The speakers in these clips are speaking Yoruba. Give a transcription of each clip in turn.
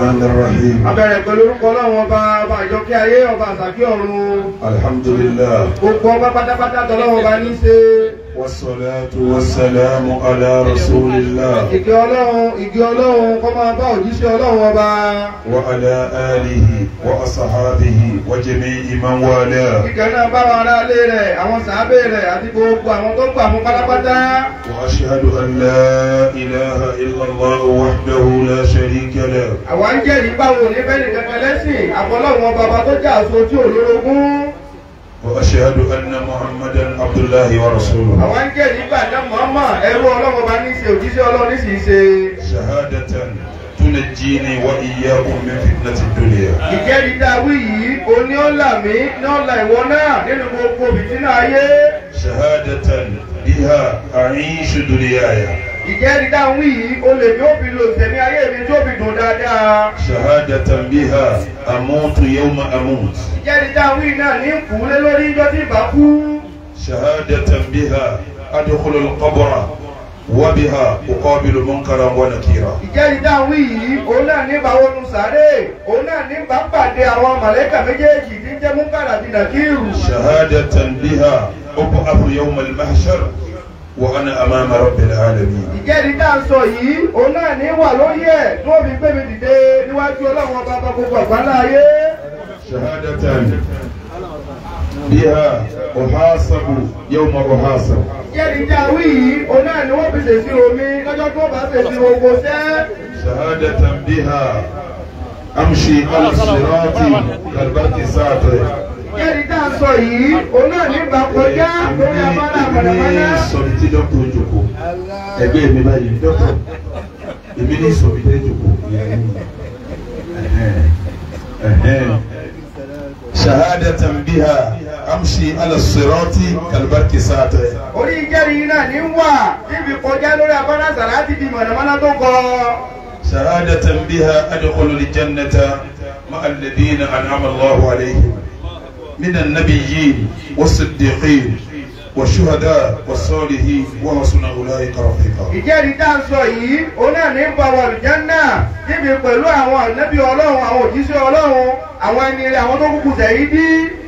الرحمن الرحيم pẹ̀lú orúkọ Ọlọ́run ọba ọba àjọkẹ́ ayé ọba àsàkí ọ̀run. alhamdulillah. gbogbo ọba pátápátá tọ́lọ́wọ́n ọba ní í ṣe wasalaatu wasalaamu ala rasulillah. ìgbé ọlọ́run ìgbé ọlọ́run kó máa bá òjíṣẹ́ ọlọ́run ọba. wa ala alihi wa asahabihi wa jami'i man wala. ìgbẹ́ náà bá wọn aráalé rẹ̀ àwọn sàábé rẹ̀ àti gbogbo àwọn tó gbà mú pátápátá. wa ashhadu an la ilaha illallah wahdahu la sharika lah. àwọn ń jẹ́rìí báwo ní bẹ́ẹ̀ ni àfọlọ́run ọba bá tó jẹ́ àṣojú olórogún. وأشهد أن محمدا عبد الله ورسوله àwọn ń jẹ́rìí ìbàdàn Muhammad ẹrú Ọlọ́run ọba ní ṣe òjíṣẹ́ Ọlọ́run ní sì ṣe. shahadatan tunajjini wa iyyakum min fitnati dunya. ìjẹ́rìí dáwí yìí oní ọ̀là mi ní ọ̀là ìwọ náà nínú gbogbo fìtínà ayé. shahadatan biha a'ishu dunyaya ìjẹ́rìí dáhùn yìí olè yóò fi lo sẹ̀mí ayé mi tó fi dùn dáadáa. ṣahada tambiha amutu yawma amut. ìjẹ́rìí dáhùn yìí náà ní kú lé lórí ijó tí bá kú. ṣahada tambiha adukulu lukabura wabiha uqabilu munkara wa nakira. ìjẹ́rìí dáhùn yìí òun náà ní bàwọnù sáré òun náà ní bá pàdé àwọn màlẹ́kà méjèèjì tí ń jẹ́ munkara àti nakiru. ṣahada tambiha ubu abu yawma al wa ana amama rabbil alamin. ìjẹ́rìí tá a sọ yìí òun náà ní wà lórí ẹ̀ tó fi gbé mi dìde níwájú ọlọ́run ọba gbogbo àgbáńlá ayé. shahadatan biha uhasabu yawma uhasabu. ìjẹ́rìí tá a wí yìí òun náà ní wọ́n fi ṣèṣì omi lọ́jọ́ tó bá ṣèṣì ogo sẹ́. shahadatan biha amshi ala sirati kalbati saate ẹni tá a sọ yìí òun náà ní ìbàkọjá lórí abala àpàdàmọ́lá. èmi ní sọmi tí dọ́kítà òjòkó ẹgbẹ́ mi báyìí dọ́kítà èmi ní sọmi tí òjòkó shahadatan biha amshi ala sirati kalibarki saata. orí ìjẹ́rìí náà ní wà níbi kọjá lórí abala sàrà ti di mọ̀nàmọ́ná tó kọ. shahadatan biha adkhulu al-jannata ma'a alladhina an'ama Allahu من النبيين والصديقين والشهداء والصالحين وحسن أولئك رفيقا. ìjẹ́rìí tá a sọ yìí òun náà ní bàbá àlùjánnà níbi pẹ̀lú àwọn ànábì ọlọ́run àwọn òjíṣẹ́ ọlọ́run àwọn ẹni rẹ àwọn tó kúkú sẹ̀ dí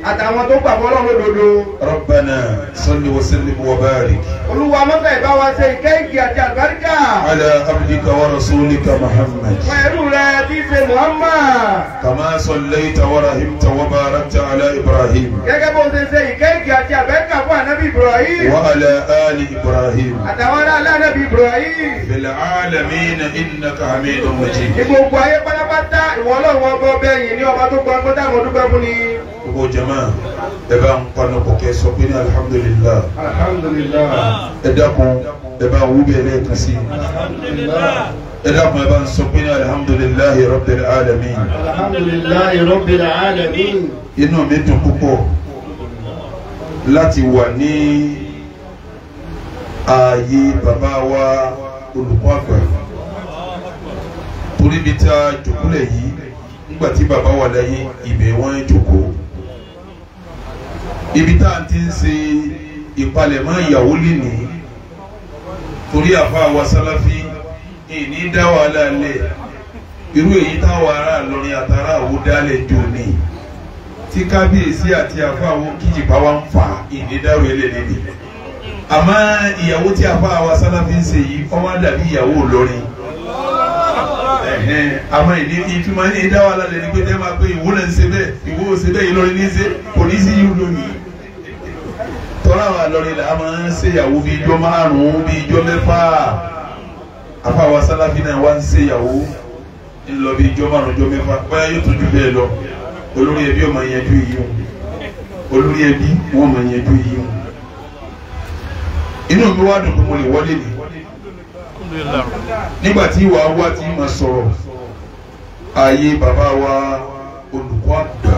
àtàwọn tó gbàgbọ́ lọ́wọ́ lódodo. rabbana salli wa sallim wa barik. olúwa mọ́fẹ́ ìbá wa ṣe ìkẹ́yìkì àti àlùbáríkà. ala abdika wa rasulika muhammad. pẹ̀lú rẹ ti ṣe muhammad. kama sallaita wa rahimta wa barakta ala ibrahim. gẹ́gẹ́ bó ṣe ṣe ìkẹ́yìkì àti àlùbáríkà fún anabi ibrahim. wa ala ali ibrahim. àtàwọn ala anabi ibrahim. fil alamin innaka hamidun majid. ìgbòkù ayé pátápátá ìwọ ọlọ́run ọgbọ́ bẹ́yìn ní gbogbo agbọ́dá àwọn gbogbo jama ẹ bá ń panu kò kẹ sọ pé ní alihamudulilayi. alihamudulilayi. ẹ dákun ẹ bá wú bẹ́ẹ̀ lẹ́ẹ̀kan sí. alihamudulilayi. ẹ dákun ẹ bá ń sọ pé ní alihamudulilayi rabbil alamin. alihamudulilayi rabbil alamin. inú mi dùn púpọ̀ láti wà ní ààyè bàbá wa olùkọ́ àgbà torí bí tá a jòkúlẹ̀ nígbà tí bàbá wà láyé ibẹ̀ wọ́n jókòó ibi tá à ń ti ń ṣe ìpalẹ̀mọ́ ìyàwó lẹ́nu torí àfa wa sálàfí ìní dá wàhálà lẹ̀ irú èyí táwọn ará lọrin àtàrà àwo dálẹ̀ jò ní tí kábíyèsí àti àfa àwọn kíjìpá wa ń fà ìní dárò ẹlẹ́lẹ́lẹ́ àmọ́ ìyàwó tí àfa wa sálàfí ń ṣe yìí ọmọ dàbí ìyàwó lọrin àwọn ìdí ìtumọ̀ ní ìdá wàhálà lẹ́ni pé dẹ́gbà pé ìwọ lẹ́ ń ṣe bẹ́ẹ̀ ìwọ ò ṣe bẹ́ẹ̀ Ìlọrin ní ṣe kò ní sí yìí lónìí. tọ́lá wa lọ́rin la máa ń ṣèyàwó bíi ijọ́ márùn-ún bíi ijọ́ mẹ́fà afa wa sálábì náà wá ń ṣèyàwó ńlọ bíi ijọ́ márùn-ún ijọ́ mẹ́fà bóyá yóò tún jù bẹ́ẹ̀ lọ olórí ẹbí ọmọ yẹn ju yìí o olórí ẹbí wọn ọmọ yẹn ju yìí o inú mi wá dùn pé mo lè wọlé nìyí nígbà tí ìwà wa ti mọ̀ sọ̀rọ̀ ààyè bàbá wa olùkọ́ àgbà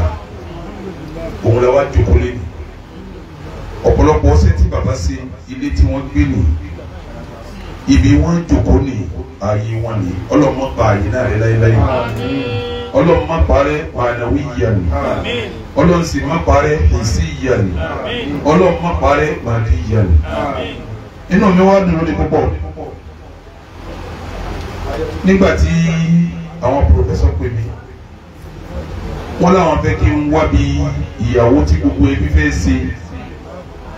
òun la wá jókòó lé ní ọ̀pọ̀lọpọ̀ ọ̀sẹ̀ tí bàbá ṣe ilé tí wọ́n gbé ní ibi wọ́n jókòó ní ààyè wọn ní ọlọ́mọ pa ààyè náà rẹ láéláé ọlọ́run má parẹ́ pàdánù ìyàní ọlọ́run sì má parẹ́ èsì ìyàní ọlọ́run má parẹ́ pàdánù ìyàní inú mi wá dùn lórí púpọ̀ nígbà tí àwọn pòfẹ́sọ̀ pè mí wọ́n láwọn fẹ́ kí n wá bí ìyàwó tí gbogbo ẹbí fẹ́ ṣe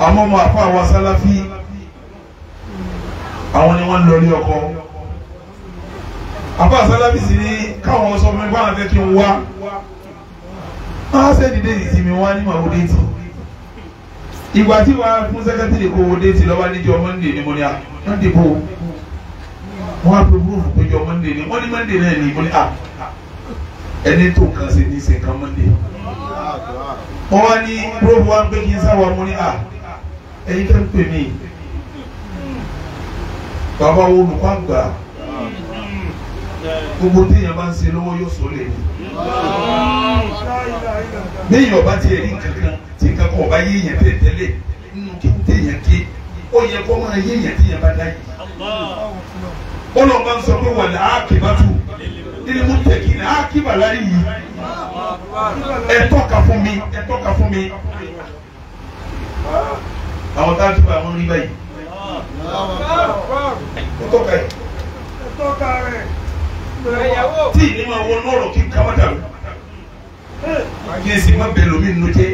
àwọn ọmọ àfa àwa sáláfí àwọn ni wọ́n lọ rí ọkọ àfa sáláfí sì ní káwọn sọ fún mi báwọn fẹ́ kí n wá wọ́n ṣe dìde ìsinmi wá ní màwó déètì ìgbà tí wàá fún sẹ́kẹ́tìrì kó wọ́n déètì lọ́wọ́ níjọ́ mọ́ndé ni mo ní à mọ́ndé bò wọ́n á pè búrúfù pé jọ mọ́ndé ni wọ́n ní mọ́ndé náà ni mo ní à ah, ah, ẹni tó nǹkan ṣe ní ṣe nǹkan mọ́ndé. wọ́n wá ní búrọ́bù wa ń pè kí n sáwà mo ní à ah, ẹ̀yin tó ń pè mí bàbá wo olùkọ́ àgbà gbogbo téèyàn bá ń ṣe lọ́wọ́ yóò sọ lè ní. béèyàn ọba tiẹ̀ rí nǹkan kan tí nǹkan kan ọba yéèyàn tẹ̀ tẹ́lẹ̀ nínú kí téèyàn ké ó yẹ kó máa yéèyàn téèyàn bá dá yìí ọlọ́ba ń sọ pé wàlẹ̀ ákìbátú ìlú tẹ̀kìnì ákìbàlá yìí ẹ tọ́ka fún mi ẹ tọ́ka fún mi àwọn tá a ti bá àwọn rí báyìí ó tọ́ka yìí tí ìní máa wọ nọ́ọ̀rọ̀ kí kàwá dàrú kí esi má bẹ lómi nínú jẹ.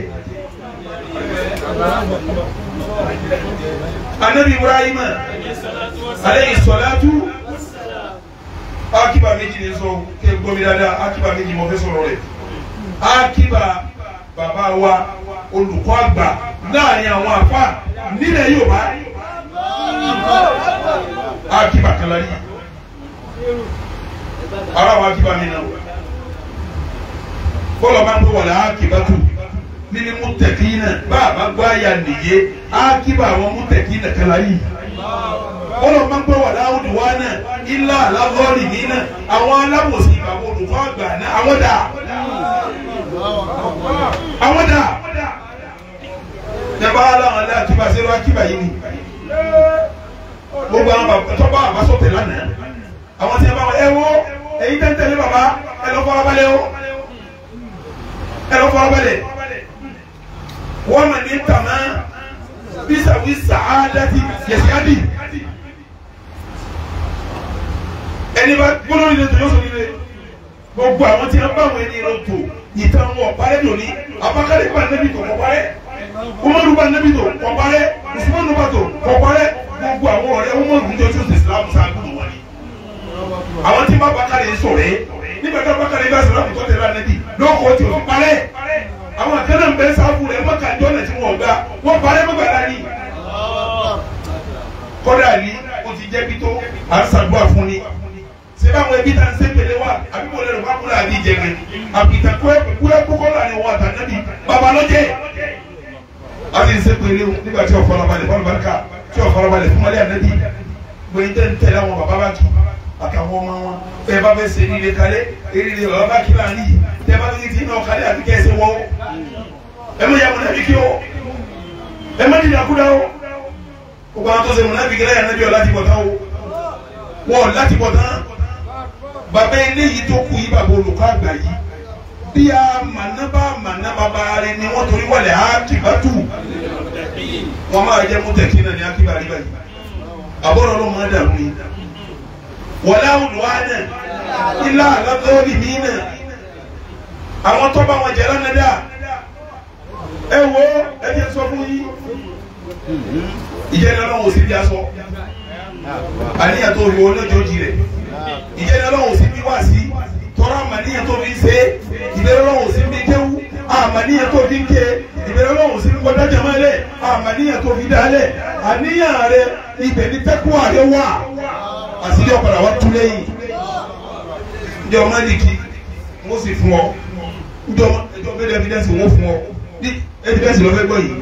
anabi ibrahima aleyhi salatu akiba méjì ni sọ kẹ gbọ́ dáadáa akiba méjì mo fẹ́ sọ̀rọ̀ rẹ̀ akiba bàbá wa olùkọ́ àgbà láàrin àwọn àfa nílẹ̀ Yorùbá akiba kalari ara wa akiba mi na bọ́lá máa ń gbé wàlá akiba tó nínú mú tẹ̀kí náà bá a bá gbọ́ àyà nìyé akiba àwọn mú náà kalari yìí kọ́lọ̀ máa ń pẹ́ wà láwùjọ wa náà ilá aláwọ̀lì ní náà àwọn aláwòsí ìbàwọ̀ olùkọ́ àgbà náà àwọn dà àwọn dà nípa aláwọn aláwọ̀ kíba sẹ́rọ akíba yìí ni gbogbo àwọn tọ́gbà àbásọ̀tẹ̀ lánàá àwọn tí a bá wọn ẹ wo èyí tẹ́ntẹ́lé bàbá ẹ lọ fọlábalẹ̀ o ẹ lọ fọlábalẹ̀ wọ́n mà ní tàmá bisawi sa'adati yasadi ẹni bá gbọ́dọ̀ ilé tó yóò sọ nílé gbogbo àwọn tí wọn bá àwọn ẹni lọ ìtàn wọn parẹ́ lórí abakari bá nẹbi tó kọ umaru bá nẹbi tó kọ parẹ́ bá tó kọ gbogbo àwọn ọ̀rẹ́ umaru ń jọ tí islam sáájú wọn ni àwọn tí wọn bá bakari sọ̀rẹ́ nígbà tí abakari bá sọ̀rọ̀ àbùtọ́ tẹ̀lé ànẹ́bí lọ́kọ̀ọ́ tí o fi parẹ́ àwọn àkànnà ń bẹ sáfù rẹ̀ wọ́n kà jọ́nà tí wọ́n gbà wọ́n parẹ́ mọ́gbà lárí. kọ́dà ní o ti jẹ́bi tó à ń ṣàdúrà fún ni ṣé báwọn ẹbí tá ń ṣe pèlè wa àbí mo lẹ́nu kákúrò àbí jẹ̀gẹ̀ àbìtà kúrẹ́ kókó láàrin wọn àtànábì babalọ́jẹ́ a ti ń ṣe pèlè o nígbà tí ọ̀fọ̀lọ́balẹ̀ fọlọ́balẹ̀ká tí ọ̀fọ̀lọ́balẹ̀ fúnmalẹ̀ ànábì gbẹ̀yìntẹ́ ń tẹ̀lé àwọn bàbá bá tù àtàwọn ọmọ wọn ẹ bá fẹ́ ṣe eré kalẹ̀ eré lọ́ba kí láàrin yìí tẹ́fà ti ti náà kálẹ̀ àti kẹ́sì wọ́ ẹ má yà mùnàfíkì o ẹ má dìnyà kúdà o gbogbo àwọn tó ṣe mùnàfíkì láyà nàbí ọ̀ láti bọ̀ tán o wọ́ọ̀ láti bọ̀ tán bàbá eléyìí tó kú yìí bàbá olùkọ́ àgbà yìí bí a mànábà mànábà bá rẹ ni wọ́n torí wọlé àkìbátù wọ́n máa jẹ́ mú tẹ̀sí náà ní àkìbá rí báyìí àbọ̀rọ̀ ló máa dàrú ni wọ́lá olùwà náà ilá àlọ́ tó rí mí náà àwọn tó bá wọn jẹ lánàá dá ẹ wo ẹ jẹ sọ fún yín ìjẹni Ọlọ́run ò sí bí aṣọ àníyàn tó yọ olójooji rẹ ìjẹni Ọlọ́run ò sí bí wáàsí tọrọ àmàníyàn tó fi ṣe ìbẹ̀rẹ̀ Ọlọ́run ò sí bí kéwú àmàníyàn tó fi ń ké ìbẹ̀rẹ̀ Ọlọ́run ò sí bí kọjá jẹmọ ẹlẹ àmàníyàn tó fi dálẹ àníyàn rẹ ibẹ̀ ní pẹkú àrẹ wà àti ìjọba àwọn túlẹ yìí ìjọba mọdìkì mo sì fún ọ ìjọ ìjọ bẹ́ẹ̀ evidence wọn fún ọ ní evidence lọ́fẹ́ gbọ́ yìí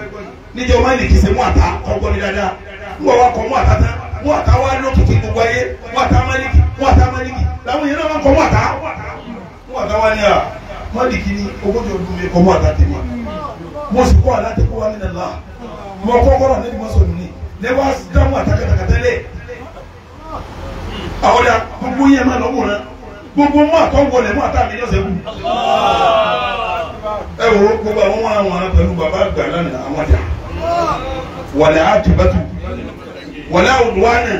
níjọ máa lè kìí ṣe mú àtà ọgbọ́n mi dáadáa mú àwa kọ mú àtà tán mú àtà wá lókìkí gbogbo ayé mú àtà máàlìkì mú àtà máàlìkì làwọn yẹn náà máa kọ mú àtà mú àtà wá ní à máàlìkì ni ogójì ọdún mi kọ mú àtà tèmi mo sì kọ́ àlá tẹ́kọ́ wá nílẹ̀ náà mo kọ́kọ́rọ́ àlejò mọ́sọ̀ nìyí lẹ́wọ́ dáhùn àtàkàtàkàtà lẹ̀ àwọn dà gbogbo yẹn máa lọ́wọ́ náà gbogbo mú àtọ́wọlẹ̀ mú àtàmì lọ́sẹ̀ wù. ẹ wo gbogbo àwọn wọn àwọn pẹ̀lú bàbá àgbà lánàá àwọn jà wàlẹ̀ àtìbátù wàlẹ̀ àwòdùwánà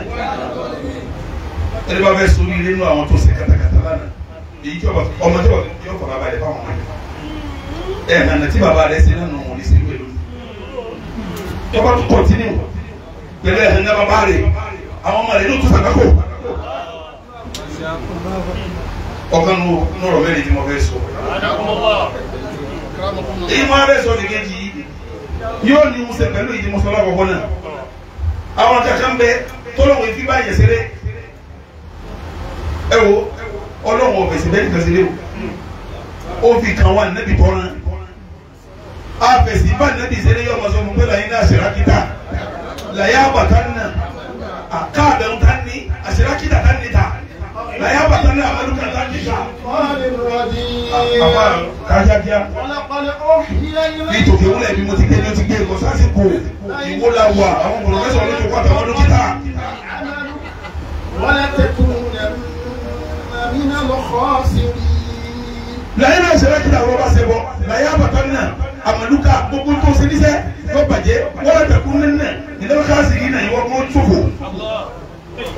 ẹni bá fẹ́ sori nínú àwọn tó ṣe katakata lánàá èyí tí ọmọ tí yóò fara balẹ̀ fáwọn ọmọ yẹn ẹ nànà tí bàbá rẹ ṣe lánàá wọn ní sẹ́yìn pẹ̀lú tọ́ba tó kọ̀tínú pẹ̀lú ẹ̀hìn náà bàbá rẹ àwọn ọmọ rẹ yóò tó sàkákò ọkàn nùrọ̀ mẹ́rin tí mo fẹ́ sọ. èyí mo fẹ́ sọ nìkejì yìí yóò ní musa pẹ̀lú ìdí mọ́sálá kọ̀ọ̀kọ́ náà àwọn kankan bẹ tọ́lọ́wọ́ ìfi bá yẹ sẹ́rẹ́ ẹ wo ọlọ́wọ́ ọ̀fẹ̀sẹ̀ bẹ́ẹ̀ nìkan sẹ́rẹ́ o ó fi kàn wá nẹ́bí tọ́ra àfẹ̀sẹ̀ bá nẹ́bí sẹ́rẹ́ yọ ọmọ sọ fún pẹ́lú ayé náà sẹ́rákítà làyà àbàtà nà àkàbẹ̀ntà ní àsẹ́rákítà tà ní ta láyà bàtà náà alùpùpù àti àdìsá. àbá kájà kíá. nítorí ìwúlẹ̀ bí mo ti gbé ní o ti gbé nǹkan sásìkò ìwó la wà àwọn pòròfẹ́sọ̀ ló ti kọ́ àtàwọn dókítà. láyé náà ṣẹlẹ̀ kí làwọn bá ṣe bọ láyà bàtà náà amaluka gbogbo tó ṣe níṣẹ́ yóò bàjẹ́ wọ́n lọ́ọ́ tẹ̀kú nínú ìlẹ́wọ̀n káàsì yìí náà ìwọ́n kò tó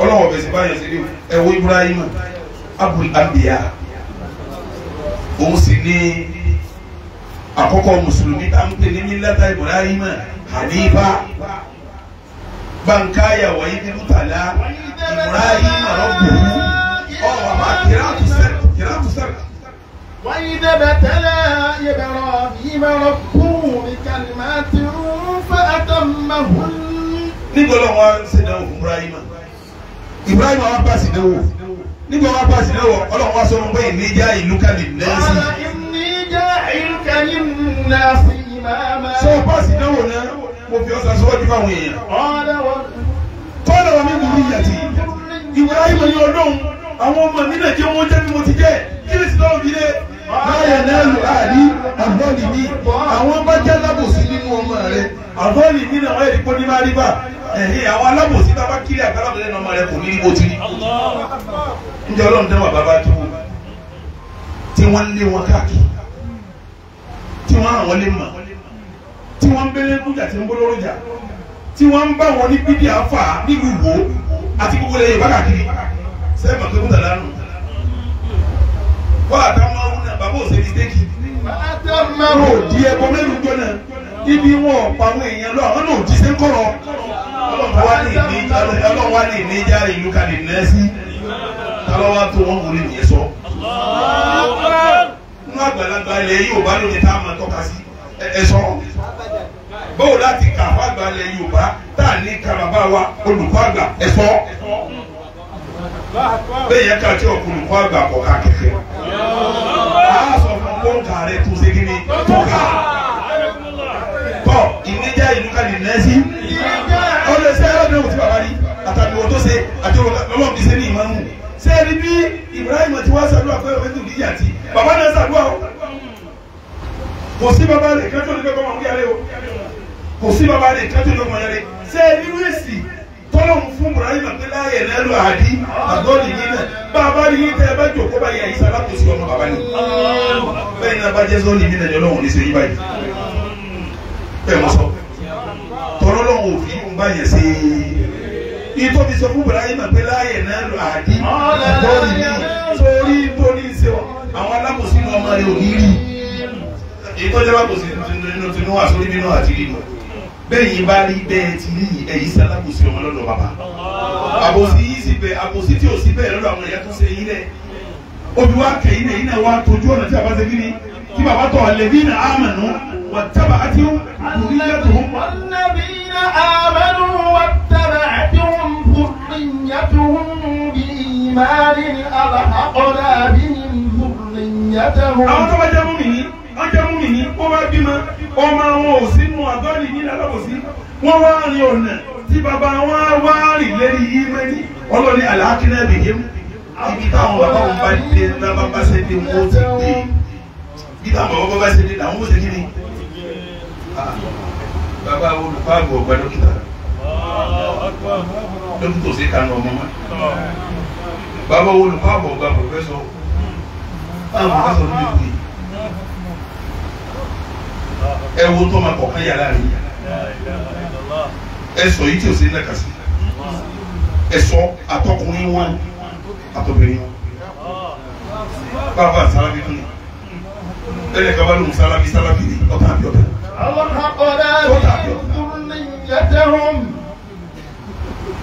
ọlọ́run ọ̀bẹ sí báyọ̀ sílẹ̀ ẹ̀wọ́ Ibrahim abul ambiya òun sì ní àkọ́kọ́ mùsùlùmí tá ń pè ní mílátà Ibrahim hanifa bankaya wàyí dìbùtàlá Ibrahim rọ̀bùrù ọ̀wà máa kìrà tù sẹ́rẹ̀ kìrà tù sẹ́rẹ̀. وإذا ابتلى إبراهيم ربه بكلمات فأتمهن. níbo ló wá ń ṣe náà Ibrahim. Ibrahim wa pass ìdánwò nígbà wa pass ìdánwò ọlọ́run wa sọ wọn pé ìníjà ìlú kàlí nẹ́ẹ̀sì. ìníjà ìlú kàlí nẹ́ẹ̀sì náà mo fi ọ̀sán sọ́wọ́ dípò àwọn kọ́lọ̀ mi wù yàtì Ibrahim ni ọlọ́run àwọn ọmọ mi náà jẹ́ jẹ́ bí mo ti jẹ́ kí lè sì lọ́wọ́ fi báyà náà lù àrí àbọ̀lì ní àwọn bá jẹ́ alábòsí nínú ọmọ rẹ àbọ̀lì ní àwọn èrè kó ní má rí bá ẹ̀hìn àwọn alábòsí bá bá kiri àgbàlagbà lẹ́nu ọmọ rẹ kò ní ibo ti rí. ǹjẹ́ ọlọ́run dẹ́wà bàbá tó tí wọ́n lé wọn káàkiri tí wọ́n àwọn lè mọ̀ tí wọ́n ń bẹ́lẹ́ kújà tí ń bọ́ lọ́rọ̀ jà tí wọ́n ń bá wọn ní bíbí àfà nílùú wo àti gbogbo lẹ́yìn bá káàkiri sẹ́yìn mọ̀ kọ́ àtàwọn ọ̀hún náà bàbá òsè ní tẹ́kì. wọn ò di ẹbọ mẹ́rin gbọ́nà ibi wọn ò pa àwọn èèyàn lọ àwọn náà ò jíṣẹ́ kọ̀rọ̀ ọlọ́run wá ní ìníjà ìlú kalẹ̀ náà sí tálọ́wá tó wọn kò lè yẹ sọ. inú àgbàlagbà ilẹ̀ Yorùbá ló ní tá a máa tọ́ka sí ẹ sọ báwo láti kà fún àgbà ilẹ̀ Yorùbá tá a ní kà bàbá wa olùkọ́ àgbà ẹ sọ bẹ́ẹ̀ yẹn ká tí ọkùnrin kọ́ àgbà kọ́ ká kẹ̀kẹ́ a sọ fún kóńkà rẹ tó segin ní tó ká tọ́ ìníjà ìlú ká lè nẹ́sí ó lè ṣe ẹ̀rọ náà ó ti bàbá rí àtàbí wọn tó ṣe àti wọn lọ́wọ́ mi ṣe ní ìmọ̀ nù ṣé ẹni bí Ibrahim ti wá ṣàdúrà pé ọ̀rẹ́ tó níyà tí bàbá náà ṣàdúrà o kò sí bàbá rẹ̀ kájọ́ ní bẹ́ẹ̀ bá wọn kú yàrá o kò sí bàbá rẹ̀ kájọ́ ní bẹ́ẹ̀ bá wọn yàrá ṣé ẹni wíṣì ọlọ́run fún ibrahim abdullahi ayẹ lẹ́lu àdí àgọ́dì yìí náà bàbá yìí tẹ ẹ bá jòkó báyìí àyíṣà alákòóso ọmọ bàbá ni bẹ́ẹ̀ ni abájẹ́ sọ́ọ́lì mi nàìjọ́ lọ́wọ́ ní sèyí báyìí bẹ́ẹ̀ mo sọ tọ́lọ́ lọ́wọ́ òfin ń bá yẹn sí i ìtọ́ fi sọ fún ibrahim abdullahi ayẹ lẹ́lu àdí àgọ́dì yìí sórí tóní ṣe àwọn alákòóso ọmọ rẹ òní rí ìtọ́jú alákòóso nínú bẹ́ẹ̀ yìí bá rí bẹ́ẹ̀ ti rí ẹ̀yìn sí alábòsí ọmọ lọ́dọ̀ bàbá àbòsí yìí sì bẹ́ẹ̀ àbòsí tí ò sí bẹ́ẹ̀ lọ́dọ̀ àwọn ẹ̀yà tó ṣe yín dẹ̀ obì wa kẹ́yìn náà yín náà wá tójú ọ̀nà tí a bá ṣe kí ni tí bàbá tọ̀ lẹ́bí náà àmànú wà tábà wà tábà àti kùrìyàtò bí ìmáàlì àlàkọ́lá bí àwọn tó bá jẹ́ mú ní wọ́n jẹ́ mú ní wọ́n bá bímọ ọmọ wọn ò sínú àgọ́lì nílẹ̀ alábòsí wọ́n wá rin ọ̀nà tí bàbá wọn á wá rìn lérí yìí mẹ́rin ọlọ́ni àlàákínà bìyẹn ibi táwọn bàbá wọn bá dé náà bàbá ṣe dé wọn ti dé ibi táwọn bàbá bá ṣe dé náà wọn ó ṣe kí ni. bàbá olùkọ́ àgbọ̀ ọ̀gbà dókítà dókítà ò sí kanu ọmọ mọ́ bàbá olùkọ́ àgbọ̀ ọ̀gbà pòfẹ́sọ̀ báwọn pòfẹ́sọ̀ ló lè wí ẹ wo tó ma kọ̀ọ̀kan yàrá rẹ̀ ẹ sọ yìí tí o sì ń lẹ́ka sí ẹ sọ atọkùnrin wọn atọbìnrin wọn bàbá sálábì tún ẹ lẹ kaba lóhùn sálábì sálábì ni ọ̀tá àbí ọ̀tá. àwọn akọ̀dá rẹ̀ kúrú ní yàtẹ̀ hàn.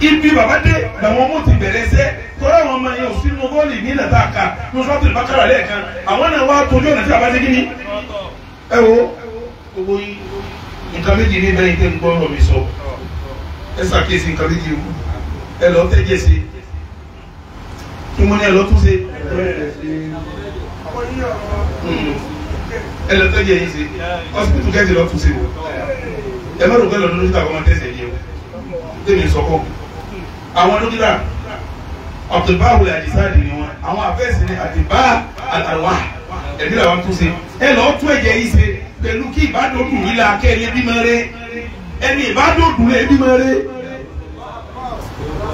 ibi bàbá dé làwọn ọmọ ti bẹ̀rẹ̀ sẹ́ tọ́lá àwọn ọmọ yẹn ò sínú bọ́ọ̀lì ní nàta ká nusrọ́tì bàkàrà lẹ́ẹ̀kan àwọn náà wá tójú ọ̀nà tí a bá dé kí ni ẹ wo owó yìí nǹkan méjì ní bẹ́ẹ̀ tẹ́ ń gbọ́ ọ̀rọ̀ mi sọ ẹ ṣàkíyèsí nǹkan méjì wù ẹ lọ tẹ́jẹ̀ sí kí mo ní ẹ lọ tún ṣe ẹ lọ tẹ́jẹ̀ yìí ṣe hospital kẹ́sì lọ tún ṣe ẹ má rògbé lọ lórí tàbí ọmọ tẹ́sẹ̀ yìí o tèmi sọkọ àwọn dókítà ọ̀tọ̀báwò àdìsáàdì ni wọn àwọn àfẹ́sì ni àdìbá àtàwà ẹ̀mí làwọn tún ṣe ẹ lọ tún ẹ̀jẹ̀ yìí ṣe pẹ̀lú kí ìbádọ́dù yìí la kẹ́rin bímọ rẹ ẹni ìbádọ́dù rẹ bímọ rẹ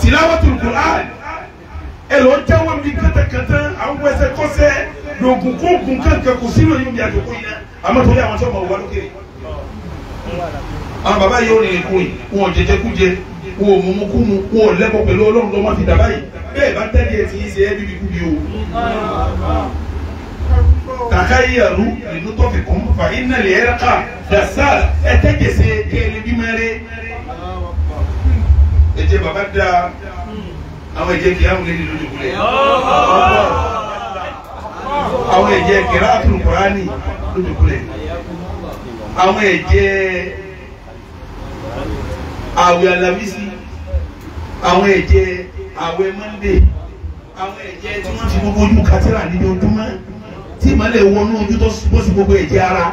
tilawatul Qur'an ẹ lọ jáwọ́ mi kẹ́tẹ́kẹ́tẹ́ àwọn ẹsẹ̀ kọ́sẹ́ lògùn kóògùn kankan kò sínú yìí bí àjòkó yìí náà àmọ́ torí àwọn tí wọ́n mọ̀ wá lókè àwọn bàbá yìí ó rìn ìkùn yìí wọn ò jẹjẹ kú jẹ wọn ò mọmọ kú mu wọn ò lẹ́kọ̀ọ́ pẹ̀lú ọlọ́run lọ́mọ fi dàbá yìí bẹ́ẹ̀ bá tẹ́lẹ̀ ẹ̀ tí ń ṣe ẹ́ bíbí kú di o tahayaru lilutofikum fa inna lirqa dasal ẹ tẹ́jẹ̀ sí kéèlé bímẹ́rẹ́ ẹ jẹ́ baba da àwọn ẹ̀jẹ̀ kìí àwọn ẹ̀jẹ̀ lójú kulẹ̀ àwọn ẹ̀jẹ̀ kìí àtúntò kùránì lójú kulẹ̀ àwọn ẹ̀jẹ̀ àwẹ̀ alamisi àwọn ẹ̀jẹ̀ àwẹ̀ mọ́ndé àwọn ẹ̀jẹ̀ tí wọ́n fi gbogbo ojú katira níbi ojúmọ́ tí ìmọ̀lẹ̀ wọnú ojú tó bó sì gbogbo ẹ̀jẹ̀ ara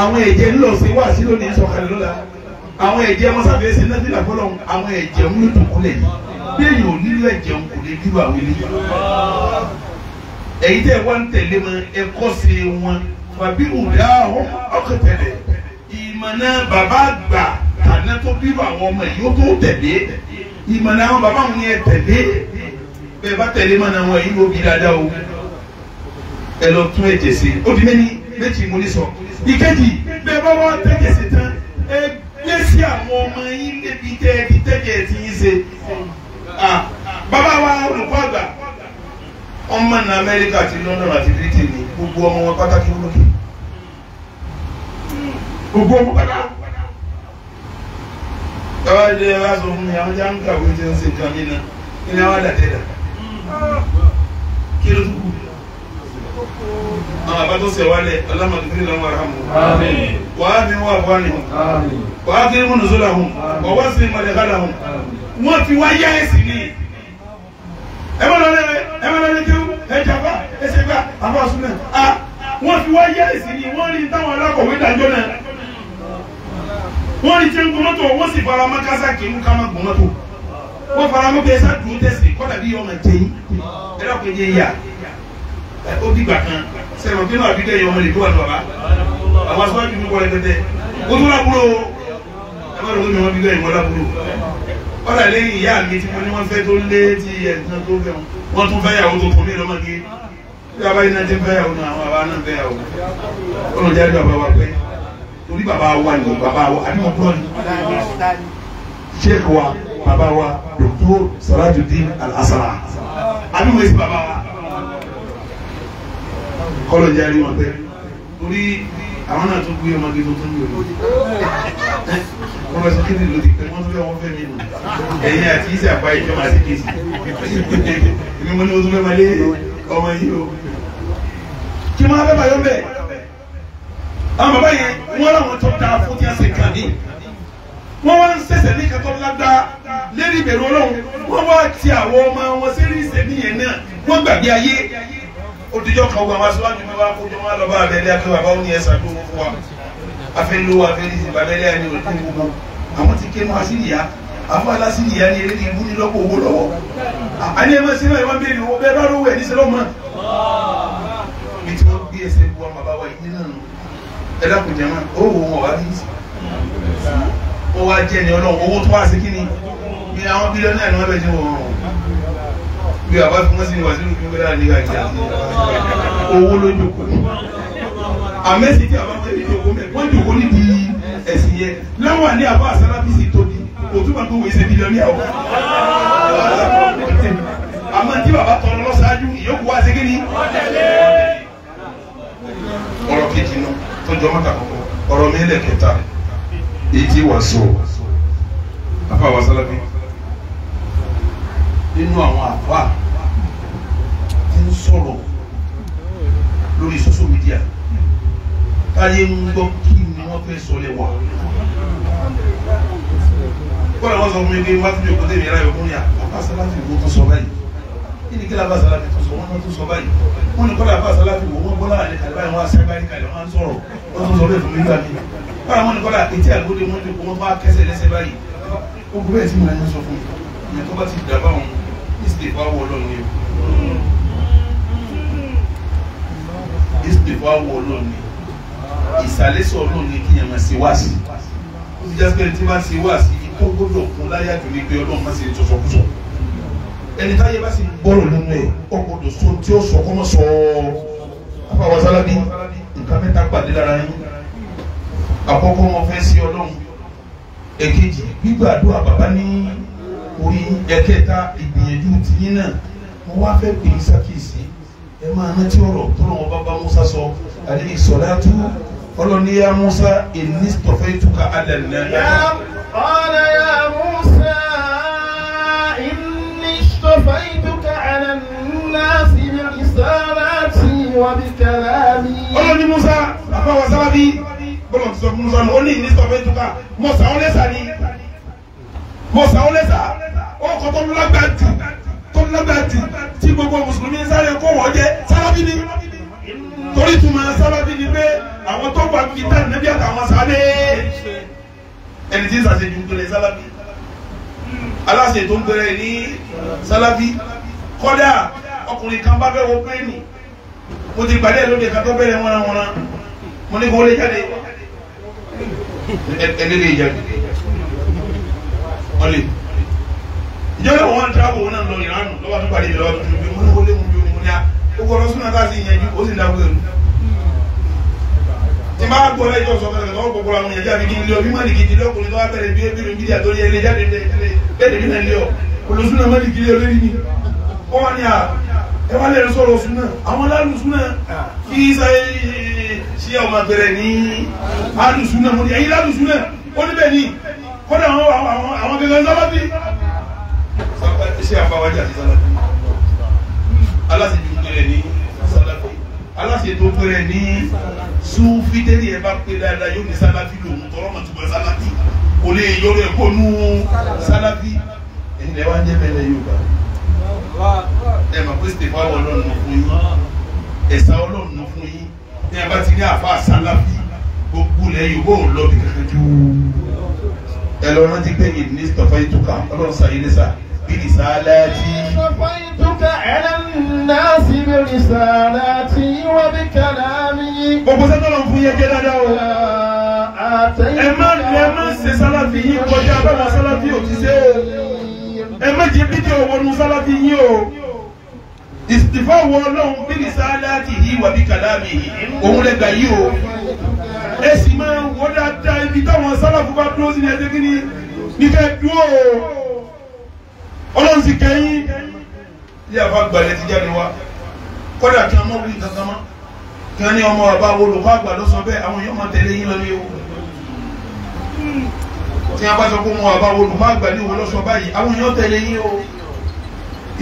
àwọn ẹ̀jẹ̀ ńlọ sí wá sí lónìí sọ̀kalẹ̀ lọ́la àwọn ẹ̀jẹ̀ mọ́sàbẹ̀sẹ̀ nàbílà fọlọ́ àwọn ẹ̀jẹ̀ ń lò dùnkúlẹ̀ yìí bẹ́ẹ̀ yóò nílò ẹ̀jẹ̀ ń kò lè dúró àwọn ilé èyí tẹ́ wọ́n tẹ̀lé mọ ẹ̀kọ́ sí wọn wàbí ọ̀dà ọkọ̀ tẹ̀lé ìmọ̀nà bàbá àgbà tàná tó bírò àwọn ọmọ yìí ó tó tẹ̀lé ìmọ̀nà àwọn bàbá wọn yẹn tẹ̀lé bẹ́ẹ̀ bá tẹ̀lé mọ̀nà wọn yìí ló bí dáadáa o ẹ lọ tún ẹ̀jẹ̀ sí ó di méjì méjì mo ní sọ ìkejì bẹ́ẹ̀ bá wá tẹ̀jẹ̀ sí tán ẹ gbé àwọn ọmọ yín níbi tẹ́ ẹ ti ti yín ṣe bàbá wa olùkọ́ àgbà ọmọ ní Amẹ́ríkà àti London àti Britain ni gbogbo ọmọ wọn pátákì olókè gbogbo ọmọ pátákì tọ́wọ́ ilé wa sọ fún mi àwọn jáǹkà wo ti ń ṣe kan nínú ilé wa dàtẹ́ dà kí ló tún kù àwọn ah, àbátó sẹ wálẹ̀ alámàdúgbò ìlànà wà hàmù wà á ní wà wà ní wà á kiri múnú sólà hùn wà wá sí ìmọ̀lẹ̀ kálà hùn wọ́n ti wá yá ẹ̀sìn ní. ẹ má lọ lẹ́rẹ̀ ẹ má lọ lẹ́rẹ̀ kéwù ẹ jàpá ẹ ṣe gbà àbá a wọ́n ti wá yá ẹ̀sìn ní wọ́n rí táwọn alákọ̀wé dájọ́ náà wọ́n rí tí ń gbọ́mọ́tò wọ́n sì fara mọ́ kásá kì í mú ká má gbọ́mọ́tò wọ́n fara mọ́ kí ẹ sá dùn ó dìgbà kan sẹ́wọ̀n kí ló àbí dẹ́ yọ ọmọ lè ló wà ní bàbá àwọn aṣáájú mi kọ́ ẹ tẹ́tẹ́ ó tó lábúrò ẹ má lọ́wọ́ mi wọ́n bí dẹ́ ìwọ́n lábúrò ọ̀là lẹ́yìn ìyá mi tí mo ní wọ́n fẹ́ tó lé ti ẹ̀sán tó fẹ́ wọn tún fẹ́yàwó tó kọ́ mí lọ́mọdé bí a bá yín náà ti fẹ́yàwó náà àwọn àbá náà fẹ́yàwó ọlọ́jà dùn àbá wa pẹ́ torí bàbá wa ni bàbá wa àbí mo bọ́ ni sheikh wa bàbá wa dr Salahuddin al àbí mo èsì bàbá wa kọ́lọ̀ jẹ́ àrí wọn tẹ́ orí àwọn náà tún gbé ọmọge tuntun ní òní wọ́n lọ sí kéde lòdì pé wọ́n tún fẹ́ wọ́n fẹ́ mi nù ẹ̀yìn àti ìsì àpá ìjọ máa sí kéde èmi mo ní o tún fẹ́ máa lé ọmọ yìí o kí máa fẹ́ bàyọ̀ bẹ́ẹ̀ àwọn bàbá yẹn wọ́n làwọn tó dáa fún tí a sì kàn ní wọ́n wá ń sẹ̀sẹ̀ ní kẹtọ́ lágbá lérí ìbẹ̀rù ọlọ́run wọ́n wá ti àwọn ọmọ wọn sí rí ìsẹ̀mí yẹn náà wọ́n gbàgbé ayé odijọ́ kan gbọ́ àwọn aṣáájú mi wá kójú wọn lọ́ba abẹ́lé àti bàbá òní ẹ̀ ṣàdúró fún wa afẹ́lú afẹ́lú ìsìn babẹ́lé àti òkú gbogbo àwọn ti ké máa sí ìyá afọ alásì ìyá ni eré ni ibú ní lọ́pọ̀ owó lọ́wọ́ àní ẹ máa ṣe báyìí wọ́n béèrè owó bẹ́ẹ̀ bá lówó ẹ̀ ní sẹ́lọ́ mọ́. mi ti wọ́n gbé ẹsẹ̀ bu ọmọ bàbá yìí nínú ẹ dákun jẹ́mọ́ owó wọn wá bí wọ́n wá jẹ́ ni ọlọ́run owó tó wá sí kí ni bí àwọn bílíọ̀nù náà ni wọ́n bẹ̀ jẹ́ wọ́n rọrùn bí àbá fi mọ́sí wà sínú fún gbẹ́dá nígbà ìjà owó ló jòkó àmẹ́sì tí àbá tẹ̀lé jòkó mẹ́ wọ́n jòkó níbi ẹ̀sìn yẹn láwọn àní àbá àsálábísì tóbi kò túbọ̀ tó wèsè bílíọ̀nì àwọ̀ àmọ́ tí bàbá tọrọ lọ ṣáájú ìyókù wá ségé ni ọ̀rọ̀ kejì náà tó jọ mọ́ta kọ̀kọ́ ọ̀rọ̀ mi lẹ́kẹta èyí tí wà so àfa nínú àwọn àfa tí ń sọ̀rọ̀ lórí social media táyé ń gbọ́ kí ni wọ́n fẹ́ sọ lẹ́wà kọ́lá wọn sọ fún mi pé wọ́n á tún bí òkúté mi ráyọ̀ fún yà bàbá sáláfì wo tó sọ báyìí kí ni kí lábá sáláfì tó sọ wọn náà tó sọ báyìí wọn ni kọ́lá bá sáláfì wo wọn bọ́lá àlẹ́ kàlẹ́ báyìí wọn á báyìí kàlẹ́ wọn sọ̀rọ̀ wọn tó sọ bẹ́ẹ̀ fún mi gbà mí kọ́lá wọn ni kọ́lá ètí àgbóde wọn ni kò wọn bá kẹsẹ̀ lẹ́sẹ̀ báyìí ó gbé ẹ̀ tí mo náà sọ fún mi ìyẹn tó bá ti dàbá wọn is is the ìsìlẹ̀fà wọ lónìí ìsìlẹ̀fà wọ lónìí ìsàlẹ̀sọ̀ lónìí kí yẹn máa ṣe wá sí ó ti jásí pé ẹni tí wọ́n ṣe wá sí ikú gbọ́dọ̀ kún láyà jù ní pé ọlọ́run máa ṣe sọ̀sọ̀kúsọ̀ ẹni táyé bá sì ń gbọ́rọ̀ lẹ́nu ẹ̀ ọgbọ́dọ̀ sọ tí ó sọ kọ́mọ sọ afáwọn sálábí nǹkan mẹ́ta pàdé lára yín àkọ́kọ́ wọn fẹ́ sí ọlọ́run èkejì gbígbàdúrà bàbá ní orí ẹ̀kẹta ìgbìyànjú tìyín náà mo wá fẹ́ pè é sákìsì ẹ máa rántí ọ̀rọ̀ tó lọ́wọ́ bá Musa sọ àdéhì sọ̀dáàtú ọlọ́ni yá Musa èmi tọ̀fẹ́ túká alẹ́ nìyà. ọ̀nà yá Musa ìní tọ̀fẹ́ túká alẹ́ nìyà sí ní ìsọ̀láàtì wàbí kàlámì. ọlọ́ni Musa àbáwá sábàbí bọ́lá ti sọ fún Musa ní ìní tọ̀fẹ́ túká mọ̀sá ọ̀lẹ́sà ni mọ̀sá ọ̀lẹ́sà ọkọ̀ tó lágbàtì tó lágbàtì tí gbogbo mùsùlùmí sáré kó wọ́n jẹ́ sálábí ni torí tuma sálábí ni pé àwọn tó wà fi tá nàbí àtàwọn sáré ẹni tí ń sàṣejù ń pèrè sálábí aláṣẹ tó ń pèrè ní sálábí kọ́dà ọkùnrin kan bá fẹ́ wọ pé nì mo ti gbàdé lóde ká tó bẹ̀rẹ̀ wọnawọna mo ní kó lè jáde ẹni lè jáde ọ̀lẹ́ ìjọba wọn ń travel wọn náà lọ ìránù lọ́wọ́ tó parí ìlọ́wọ́ tuntun bí mo ní wọlé mu bí mo ní a ó kọ́ lọ súnà láti ìyẹnjú ó sì ń dáwọ́ èrú. tí máa gbọ́ ẹjọ́ sọ pé ọ̀rọ̀ gbogbo àwọn ìyẹn jáde kí n lé ọ bí mọ́lì kìí lọ́kùnrin tó wá bẹ̀rẹ̀ bí ebi rìn bídíà tó yẹ lé jáde bẹ́ẹ̀ ní nàìjíríà olùsúnà mọ́lì kìí olórí ni ó wà ní à ẹ wá lẹ́nu sọ̀rọ̀ súnà àwọn lálùsúnà kí sáyé ṣíyà ọmọ bẹ̀rẹ̀ ní alùsúnà mo ní ẹ̀yin lálùsúnà ó níbẹ̀ ní kọ́dà àwọn gẹ́gẹ́ sábà bí ṣé àbáwájà ti sálàbí aláṣẹ tó péré ní sálàbí aláṣẹ tó péré ní súfì tẹ́lẹ̀ ẹ bá pé dáadáa yóò ní sálàbí lòun tọrọ mọ̀ tìgbà sálàbí kò lè yọrọ ẹ̀ kó nu sálàbí ẹ̀yin lẹ́wà ń jẹ́ bẹ́ẹ̀ lẹ́yìn òbá ẹ mọ̀ pé stèfà fún yín ẹ̀sà ọlọ́run fún yín ní abá ti ní àfa àsálàfì gbogbo lẹ́yìn owó lọ́ọ̀bì kankan ju ẹ lọ rántí pé ìdílé stọ̀fà yìí tó kà ọlọ́run sàyé برسالاتي صفيتك على الناس برسالاتي وبكلامي gbogbo sẹ́tọ̀lọ̀ fún yẹ jẹ́ dáadáa o ẹ má ẹ má ṣe sálàfì yín kọjá báwọn sálàfì ò ti ṣe o ẹ má jẹ bídí òwòrán sálàfì yín o ìsìtìfọ́ wo ọlọ́run bíbí sáláàtì yìí wà bí kàlámì yìí òun lè gbà yìí ni ní kẹ́ dúró ọlọ́run ti kẹ́yìn ilé àfa gbalẹ̀ ti jáde wá kọ́dà kí wọ́n wí kankan mọ́ kí wọ́n ní ọmọ bàbá olùkọ́ àgbà ló sọ bẹ́ẹ̀ àwọn èèyàn máa tẹ̀lé yín lọ ní tí wọ́n bá sọ pé ọmọ bàbá olùkọ́ àgbà ní ìwọ ló báyìí àwọn èèyàn tẹ̀lé yín o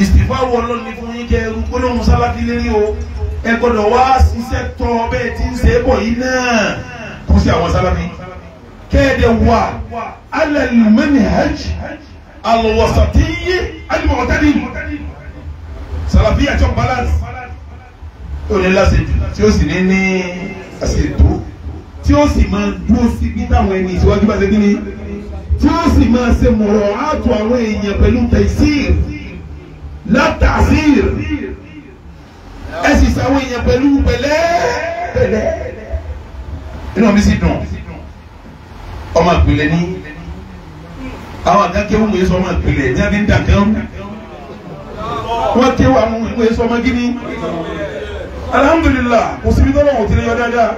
ìsìnfàwọ ọlọ́run ní fún yín kẹ ẹrú gbólóhùn sábàkí lérí o ẹ gbọ́dọ̀ wá ṣiṣẹ́ tọ́ bẹ́ẹ̀ tí ń ṣe é bọ̀ yín náà kó sí àwọn sábàkí kẹ́ẹ̀dẹ̀ wà alẹ́ lùmẹ́nì hajj alwasatiyyi alimọ̀tẹ́lì sàlàfíà tí ó balance tí ó ní lásìkò tí ó sì ní ní àṣetò tí ó sì máa dúró sí bí táwọn ẹni ìṣíwájú bá ṣe kí ni tí ó sì máa ṣe mọ̀rọ̀ àtò àwọn èèyàn pẹ̀lú tẹ̀síìr látàsíìr ẹ sì ṣàwọn èèyàn pẹ̀lú pẹ̀lẹ́ pẹ̀lẹ́ inú mi sì dùn ọmọ ìpìlẹ̀ ní àwọn àdáké wọn yé sọmọ ìpìlẹ̀ ní ẹni dàkẹ́wò wọn ké wọn wọn yé sọmọ gíní alhamdulilah kò síbi tọ́lọ̀ wọn ti yọ dáadáa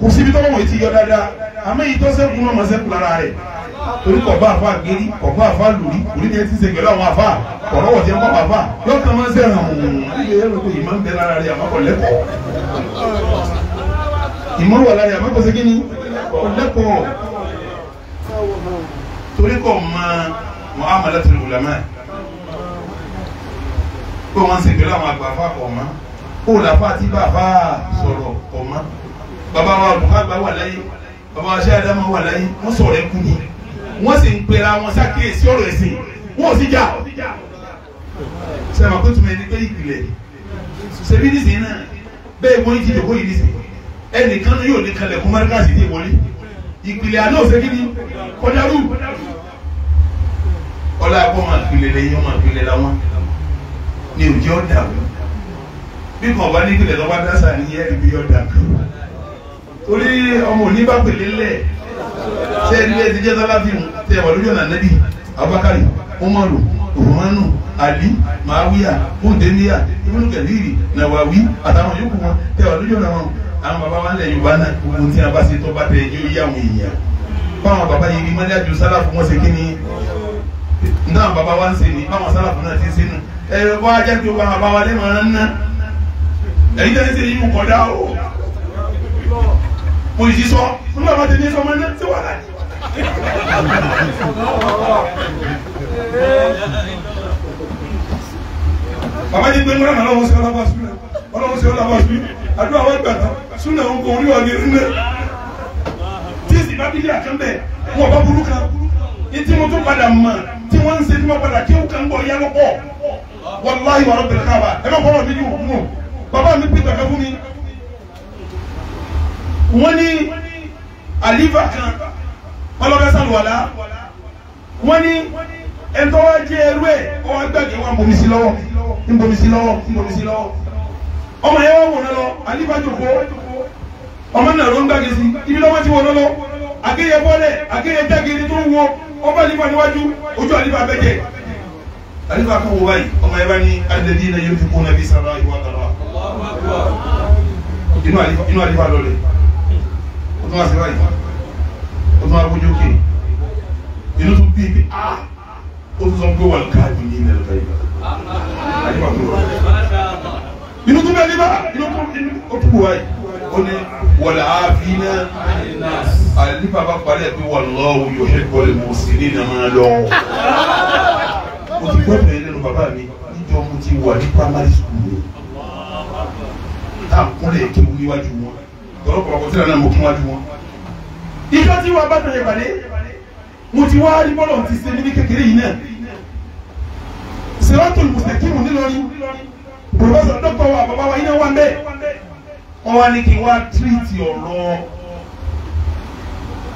kò síbi tọ́lọ̀ wọn ti yọ dáadáa àmọ́ yìí tó sẹ́kùn náà máa sẹ́kùn lára rẹ̀ torí kò bá àfa gírí kò bá àfa lùrí lùrí ni ẹ ti ṣe pẹ̀lú àwọn àfa kọ̀rọ̀ wọ̀ ti ń kọ́ àfa lọ́kàn máa ń sẹ́ràn ọ̀hún ìmọ̀wọ̀ lára rẹ̀ àmọ́ kò sí kí ni ọ̀lẹ́kọ̀ọ́ torí kò mọ muamalatul ulama kó wọn sì gbé làwọn àgbà fà kọ̀ mọ́ kó làfà tí bàbá sọ̀rọ̀ kọ̀ mọ́ bàbá wa bùkágbà wà láyé bàbá wa ṣẹ́ àdámọ̀ wà láyé wọ́n sọ̀rọ̀ ẹkú ni wọ́n sì ń pera wọn sákèésí ọ̀rọ̀ ẹ̀sìn wọ́n ò sì jà sẹ́wọ̀n kó tún ẹni pé ìpìlẹ̀ ṣebí nísìnyí náà bẹ́ẹ̀ wọ́n ti dòwó yìí nísìnyí ẹnìkan yóò ní kalẹ̀ kó márkàsì dé wọlé ìpìlẹ̀ àná òṣèkí ni kọjá rú ọlá ẹ̀kọ́ máa pèlè lẹ́yìn máa pèlè láwọn ni òjì ọ̀dà wò bí kò bá ní ìpìlẹ̀ lọ́wọ́ dáṣà ní ẹ̀rí bí ọ̀dà torí ọmọ òní bá pèlè lẹ̀ ṣé ẹni bẹ́ẹ̀ ti jẹ́ tọ́lá fi tẹ̀ wà lójú ọ̀nà nẹ́bí Abubakar Umaru Umanu Ali Màáwíyà Mùdẹ́míyà Ibùdó Kẹ̀lìrì Nàwáwí àtàwọn yòókù wọn tẹ̀ wà lójú ọ̀nà wọn àwọn baba wa lẹ yorùbá náà gbogbo tí a bá ṣe tó bá tẹ yóò yá èèyàn báwọn baba yìí mọ́lẹ́ àjò sálà fún wọn ṣe kí ni nítawọn bàbá wa ń ṣe ní báwọn sálàfù náà ti ń ṣe nù ẹ wá jẹ́ pé wọn bàbá wa lè máa ń ná ẹ̀yin tẹ́lẹ̀ ṣe yíwù kọ́dá o mo yìí sọ nígbà wọn ti ní sọmọ náà ṣé wà láyé. bàbá yìí gbé ńlá ọlọ́run sí ọlọ́wọ́ sùn ọlọ́run sí ọlọ́wọ́ sùn àdúrà wọn gbàtà sùn náà ń kọ orí ọ̀gẹ̀rẹ̀ náà tí èsì bá bí ilé àkànbẹ̀ wọn bá burú kan ìtí mo tún padà mọ̀ tí wọ́n ń ṣe tí mo padà kí ó kàn ń bọ̀ yá lọ́pọ̀ wàláhi wàrọ̀ bẹ̀rẹ̀ káàbà ẹ má fọwọ́ mi ní òkú nù bàbá mi pété ọ̀kẹ́ fún mi. wọ́n ní àlífà kan ọlọ́fẹ́ sàlùwàlá wọ́n ní ẹ̀ńtọ́ wa jẹ́ ẹrú ẹ̀ ọwọ́ gbàgbé wa ń bomi sí lọ́wọ́ ń bomi sí lọ́wọ́ ń bomi sí lọ́wọ́ ọmọ yẹn wọ́n wọ̀nà lọ àlífà jòkó ọmọ náà ló ń gbàgbé sí ibi lọ́wọ́ ti wọ̀nà lọ àgéyẹ bọ́lẹ̀ àgéyẹ jágere tó ń wọ ọba àlífà níwájú ojú àlífà bẹ́jẹ̀ àlífà kan wò báyìí ọmọ ẹ bá ní alẹ́dí iná yóò fi kún nàbí sara ìwà kàrà inú àlífà lọlẹ̀ o tún wá sí báyìí o tún wá kójú òkè inú tún bí ibi a o tún sọ pé wà káàdì ní ilẹ̀ lọ́tà yìí àlífà tó rọ̀ inú tún bẹ́ẹ̀ níbà inú tún o tún ó ní wọlé àfínà àní bàbá parí ẹ pé wallahu yuhibbul muhsinina máa lọ. mo ti gbọ́ bẹ̀rẹ̀ lẹ́nu bàbá mi níjọ́ mo ti wà ní primary school tá a kúnlẹ̀ kí wọ́n níwájú wọn tọ́lọ́pọ̀ ọkọ̀ tí ìlànà mo kún wájú wọn. ìjọ tí wàá bá tẹ̀lé ìpàdé mo ti wá rí bọ́lọ̀ ti ṣe níbi kékeré yìí náà siratul mustaqim nílọrin pòfẹ́sọ̀ dọ́kítọ̀ wa bàbá wa yìí náà wà ń bẹ́ẹ̀ wọ́n wá ní kí wọ́n á tírìtì ọ̀rọ̀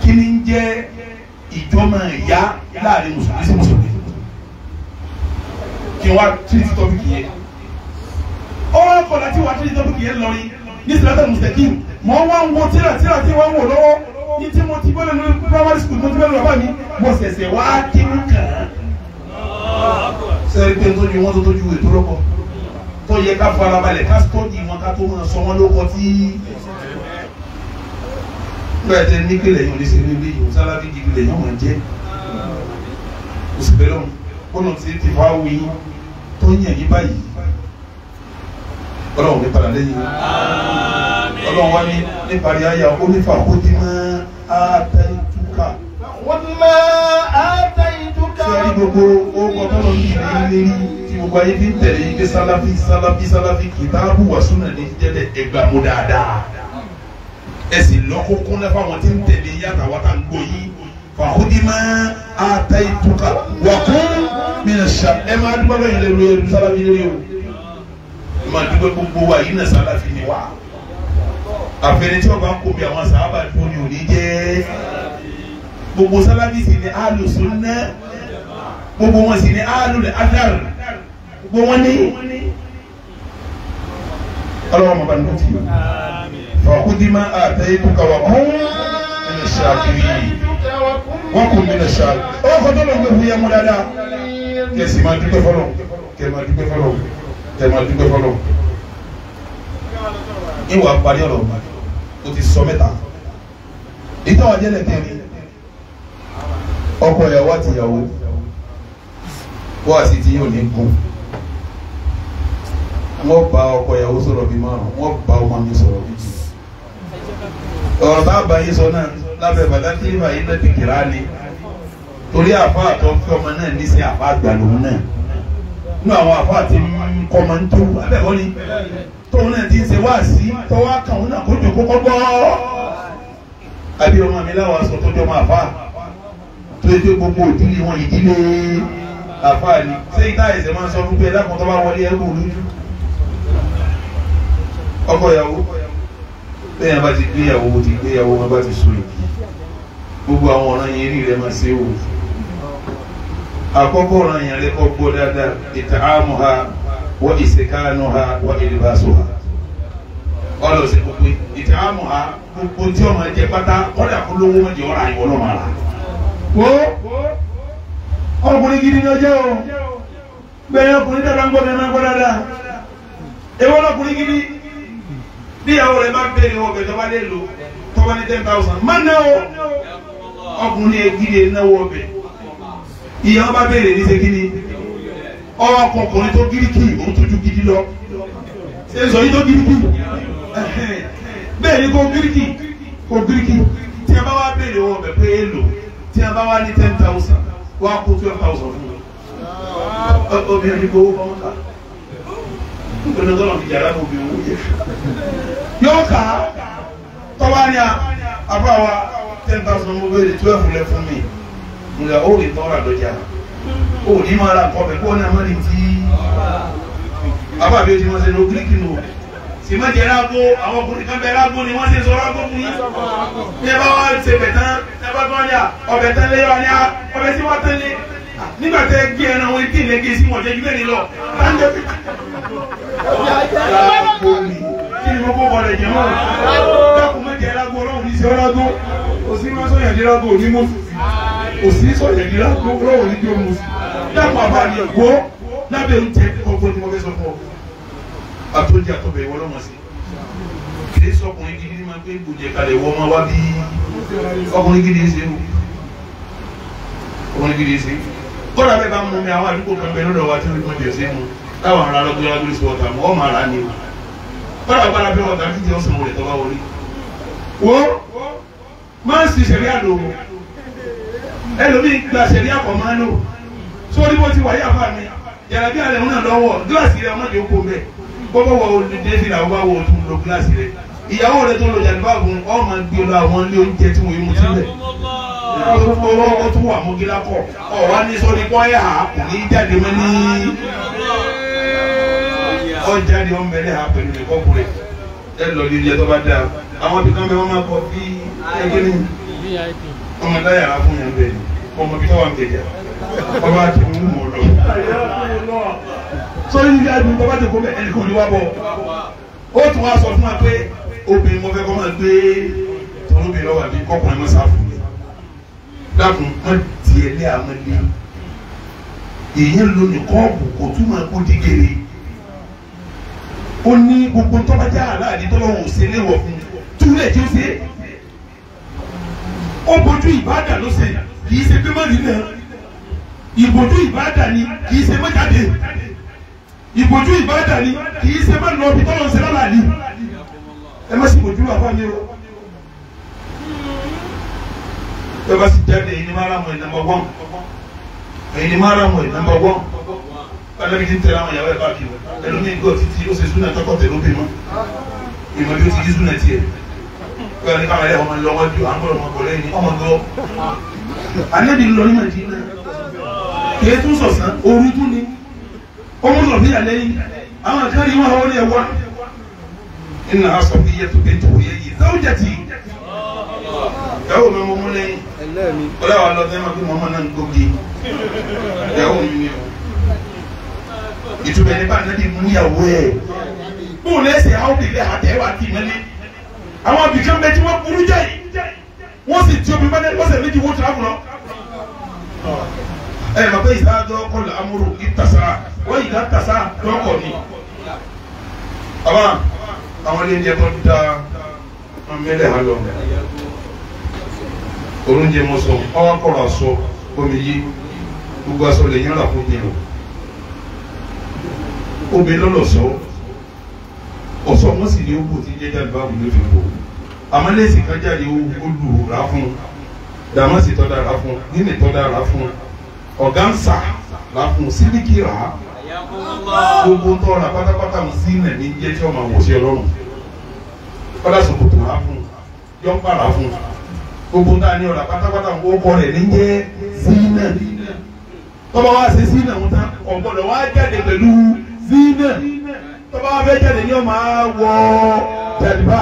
kí ni ń jẹ́ ìjọ́mọ̀ ìyá láàrin mùsùlùmí sí mùsùlùmí kí wọ́n á tírìtì tọ́pìkì yẹn ọwọ́ akọ̀ láti wá tírìtì tọ́pìkì yẹn lọ́rin ní sìlátà mùsùlùmí mọ̀ wá ń wo tíra tíra tí wọ́n ń wò lọ́wọ́ ní tí mo ti gbọ́dọ̀ ní primary school mo ti gbọ́dọ̀ bàbá mi mo ṣẹ̀ṣẹ̀ wá kí n kàn án sẹ́yìn pé n tó ju wọ́n tó tó ju ètò lọ́kọ̀ọ́ tó yẹ ká farabalẹ̀ ká stọ́dì wọn ká tó wọn sọ wọn ló kọ tí. nígbà tí ní kílẹ̀ yìí ò ní ṣe ní ilé yìí ò sálábí di kílẹ̀ yìí ò máa jẹ́ òsìbẹ́lẹ̀ ọ̀nà tí ti fa awi tó yàn yín báyìí ọlọ́run ní padà lẹ́yìn ọlọ́run wá ní níparí ayé onífà ó ti mọ́ àtẹ̀tùkà. wọ́n ti mọ́ àtẹ̀tùkà. sẹ́yìn gbogbo ó kọ́ tọ́lọ́ ní ìlérí gbogbo ayé ti ń tẹ̀lé yìí pé sáláfì sáláfì sáláfì kìtáàbù wà súnà ní jẹ́lẹ̀ ẹgbà mú dáadáa ẹ sì lọ́kọ̀ọ́kún lẹ́fọ̀ àwọn tí ń tẹ̀lé yìí àtàwọn tá ń gbọ́ yìí fàkúndínmá àtàìtúkà wà kún mìíràn ṣá ẹ máa dúpẹ́ lọ́yìn lẹ́rú ẹrú sáláfì lẹ́rú o ẹ máa dúpẹ́ gbogbo wa yìí náà sáláfì ni wa àfẹnití wọn bá ń kó mi àwọn sàábà tó ní jẹ́ gbogbo sáláfì sì ni alùsùn náà gbogbo wọn sì ni alùlẹ̀ adàrú gbogbo wọn ní ọlọ́wọ́ mọ̀bá ní ti fàkúndínmá àtẹ́yẹ dúkà wà kún nínú ṣàkiri wọ́n kún nínú ṣàkiri ó kọ́ tó lọ́n gbé fún yẹn mú dáadáa kẹsì máa dúpẹ́ fọlọ́ kẹsì máa dúpẹ́ fọlọ́ kẹsì máa dúpẹ́ fọlọ́ ìwà parí ọ̀rọ̀ o ti sọ mẹ́ta ìtàn àjẹlẹ̀ kẹrin ọkọ ìyàwó àti ìyàwó wọ́n àti ti yóò ní kú wọ́n bá ọkọ ìyàwó sọ̀rọ̀ bíi márùn wọ́n bá ọmọ mi sọ̀rọ̀ bíi jù. ọ̀rọ̀ tá a bá yín sọ náà lábẹ́ bàtà tí ìbá yín lẹ́bi kìlá ni torí àfa àtọ́ fẹ́ ọmọ náà níṣẹ́ àfa àgbà lòun náà nínú àwọn àfa àti kọ́mọ ń tó abẹ́wọ́ ni tóun náà ti ń ṣe wáàsí tọ́wọ́ àkàwọn náà kó jòkó kọ́ gbọ́ àbí ọmọ mi láwọn aṣọ tó jọ máa fà tó yẹ gbogbo ìdílé wọn ìdílé àfa ni ṣé ìta ẹ̀sẹ̀ máa sọ fún pé ẹ̀dá ọkọ ìyàwó lẹ́yìn bá ti gbéyàwó mo ti gbéyàwó wọn bá ti so ìdí gbogbo àwọn ọ̀ràn yẹn rí rẹ máa ṣe wò àkọ́kọ́ ọ̀ràn yẹn rẹ kọ́ gbọ́ dáadáa ha wọ́n ha wọ́n ha gbogbo ha gbogbo tí ọmọ jẹ pátá máa o bẹ́ẹ̀ ọkùnrin ń gbọ́ máa gbọ́ dáadáa èwo gidi. bí ìyàwó rẹ bá béèrè wọn ọbẹ̀ tọ́ba lè lò tọ́ba ní ten thousand má ná o ọkùnrin ẹgbìrì náwó ọbẹ̀ ìyàwó bá béèrè ní segini ọkùnrin tó gíríkì òun tójú gidi lọ ṣe sọ yìí tó gíríkì bẹ́ẹ̀ ni kò gíríkì kò gíríkì tí a bá wá béèrè wọn ọbẹ̀ pé é lò tí a bá wá ní ten thousand wá kó twelve thousand fún mi obìnrin kò wọ́n kà nítorí tó lọ́n ten thousand mo béèrè twelve lẹ fún mi nga ó lè tọ́ra lọ́jà ó ní máa ra nǹkan bẹ̀ kó ní àmọ́ ní ti àbá bí o ti máa ṣe ní o kíríkì nù sìmẹ́ntì ẹ̀rágbó àwọn ọkùnrin kan bẹ ẹ̀rágbó ni wọ́n ṣe sọ ẹ̀rágbó fún yín. ní ẹ bá wá ṣe bẹ̀ tán ẹ bá tán ní à ọbẹ̀ tán wa ní nígbà tẹ gbé ẹran wọn tí ìlẹ́gẹ́ sí wọn jẹ́jú lẹ́ni lọ. kí ni mo kó bọ̀lẹ̀ jẹ mọ́ dákun má jẹ́ lágbo ọlọ́run ní sẹ́wọ́n lágbo òsì má sọ̀yà dé lágbo ní mo òsì sọ̀yà dé lágbo ọlọ́run ní bí mo dákun àbálẹ̀ gbó lábẹ́ oúnjẹ ọgbọ́n ni mo fẹ́ sọ fún ọ. àtúndì àtọ̀bẹ̀ ìwọ lọ́mọ sí kìí sọkùnrin gidi ni máa ń pé gbòjẹ kalẹ̀ wọ́n máa wá bí ọkùnrin gidi ṣe é ọkùnrin gidi ṣe é kọ́dà bẹ́ẹ̀ bá mú mi àwọn àdúgbò kan bẹ lọ́dọ̀ wa tí wọ́n jẹ sí mu táwọn ará lọ́gbẹ́ lágbèrè sí ọ̀tà mọ́ ọmọ ara ni kọ́dà gbára bẹ́ẹ̀ ọ̀tà kí jẹun sọ̀rọ̀ rẹ̀ wọlé. wo máa ń sì sẹ̀ríà lò ó ẹlòmíì gba sẹ̀ríà kọ̀ máa lò sórí bó ti wáyé àfa mi yàrá bí alẹ́ náà lọ́wọ́ gíláàsì rẹ̀ ọmọdé kó bẹ́ẹ̀ bọ́bọ́ wọ olùdẹ́sìn àwọn bá wọ ó tún wà mọ́gílá kọ̀ ọ̀ wá ní sọ́ni kọ́ ẹ̀ hà kò ní jáde mọ́ ní ọ jáde ọ mẹ́lẹ̀ hà pẹ̀lú ẹ̀kọ́ kúrẹ́ ẹ lọ ní ilé tó bá dáa àwọn ibi kan bẹ wọn máa kọ bí ẹgbẹ́ ní ọmọ táyà á fún yàn bẹ́ẹ̀ ọmọ bí káwọn kẹjà ọba ti mú mọ̀ lọ. sọ́ni ní adùn bàbá ti kó bẹ́ẹ̀ ẹnì kò ní wá bọ̀ ó tún wá sọ fún wa pé obìnrin mọ́fẹ́ kọ́ máa gbé tọ́lú mi lọ́wọ́ àbí kọ́kùnrin mọ́ sáfù dákun wọn tiẹ̀ lé àwọn ilé èyí ló ní kọ́ọ̀bù kò túmọ̀ kó dìgèrè ó ní gbogbo tọ́bajá aláàdé tọ́lọ́wọ́ òsèlè wọ̀ fún túlẹ̀ tí ó ṣe ó bójú ìbáàdà ló ṣe kì í ṣe pé má rí náà ìbòjú ìbáàdà ni kì í ṣe má jáde ìbòjú ìbáàdà ni kì í ṣe má lọ bí tọ́lọ́ ń ṣe lálàá ni ẹ má sì bòjú àbá mi o. tó bá sì jáde ẹ̀yin ni máa ràmù ẹ̀ nàmbà wọ́n ẹ̀yin ni máa ràmù ẹ̀ nàmbà wọ́n alábi ti ń tẹ̀lé àwọn ìyàwó ẹ̀ bá kí wọ́n ẹlòmíì gbọ́ títí ó ṣe súnà tọkọ tẹ̀lé ó bí mọ́ ìmọ̀ bí ó ti jí súnà tiẹ̀ pé ọ̀nì káwọn ẹ̀yà ọmọ lọ wọ́n ju àwọn ọmọ bọ̀ lẹ́yìn ọmọ gbọ́ alábi lọ ní màdínà kí ẹ tún sọ̀sán ooru tún ni ọmọ sọ̀ bí alẹ́ yìí àwọn àkárí wọn àwọn ọ̀rẹ́ wa ìnà asọ̀ bí yẹ tó kẹ́ tó yẹ yìí ìyàwó mi mo mú lẹ́yìn ọlọ́wà lọ fẹ́ máa bí mọ́mọ́ náà ń gbógi ìyàwó mi ni o ìtumọ̀ ẹni bá nàbí mú ìyàwó ẹ̀ bóun lẹ́sẹ̀ àwọn òbílẹ̀ àtẹ̀ wà kì í mẹ́lẹ́ àwọn abidjan bẹ tí wọ́n burú jẹ́ yìí wọ́n sì tí omi mẹ́lẹ́ lọ́sẹ̀ méjì wọ́n tura kùnà. ẹ ẹ bàbá ìsá dọ́kọ̀ la amúrò kí tasa wọ́n yìí ká tasa dọ́kọ̀ ni. bàbá àwọn ilé ẹni ẹ̀kọ́ da ọmọ ẹlẹ́hàn lọ oúnjẹ mọ sọ ọwọ́ kọ̀rọ̀ aṣọ omi yí gbogbo aṣọ lè yín rà fún mi o omi lọ́lọ́sọ ọ̀sọ́ wọn sì ní owó tí jẹ́jà ní báwo ló fi bò amálẹ́sì kan jáde olùrà fún dàmásì tọ́ dára fún nínú tọ́ dára fún ọ̀gáǹsà rà fún sílíkì rà á gbogbo tọ́ra pátápátá mi sí ilẹ̀ ní jẹ́ tí ọmọ àwòṣe ọlọ́run ọ̀dà sọ̀kòtò rà fún yọ̀ǹpà rà fún gbogbo ń ta ní ọ̀la pátápátá ń kó rẹ̀ ní jẹ́ zina tọ́ba wa ṣe zina ń tán ọ̀gbọ́dọ̀ wa jáde pẹ̀lú zina tọ́ba wa fẹ́ jáde ní ọmọ àwọ̀ jàdìbà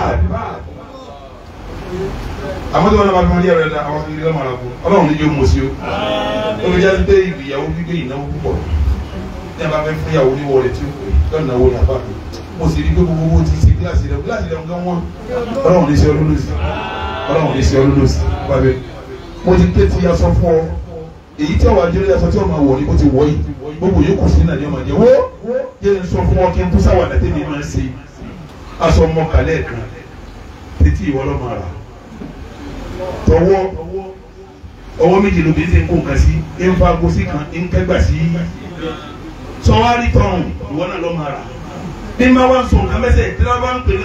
àwọn tó wọn bá fi wọn yẹrẹ la àwọn kiri lọmọ àlàfo Ọlọ́run níjó mọ sí o tó fi jáde dé ìyàwó gbígbé ìnáwó púpọ̀ ní a bá fẹ́ fún ìyàwó níwọ rẹ tí ó pè lọ́nà wo làbá mi mo sì rí pé gbogbo ti ṣe gíláàsì rẹ gíláàsì rẹ ń gán wọn Ọlọ́run ní sẹ ọdún ọlọ́run fi ṣe ọlọ́dọ̀ sí pàbẹ. mo ti ké ti aṣọ fún ọ èyí tí ọwọ́ ajé lórí aṣọ tí ọmọ wọ̀ ni mo ti wọ̀ yìí gbogbo yòókù sí náà ni ọmọ jẹ wo jẹ́ n sọ fún ọ kí n tó sáwà láti mi máa ń ṣe aṣọ mọ kàlẹ́ kan títí ìwọ lọ́mọ rà tọwọ́ ọwọ́ méjì ló bí ń ṣe ń kó nǹkan sí ń fa gosi kan ń kẹ́gbà sí sọ tọ̀hún ìwọ náà lọ́mọ rà bí n bá wá sọ nǹkan tí wọ́n bá ń pè ní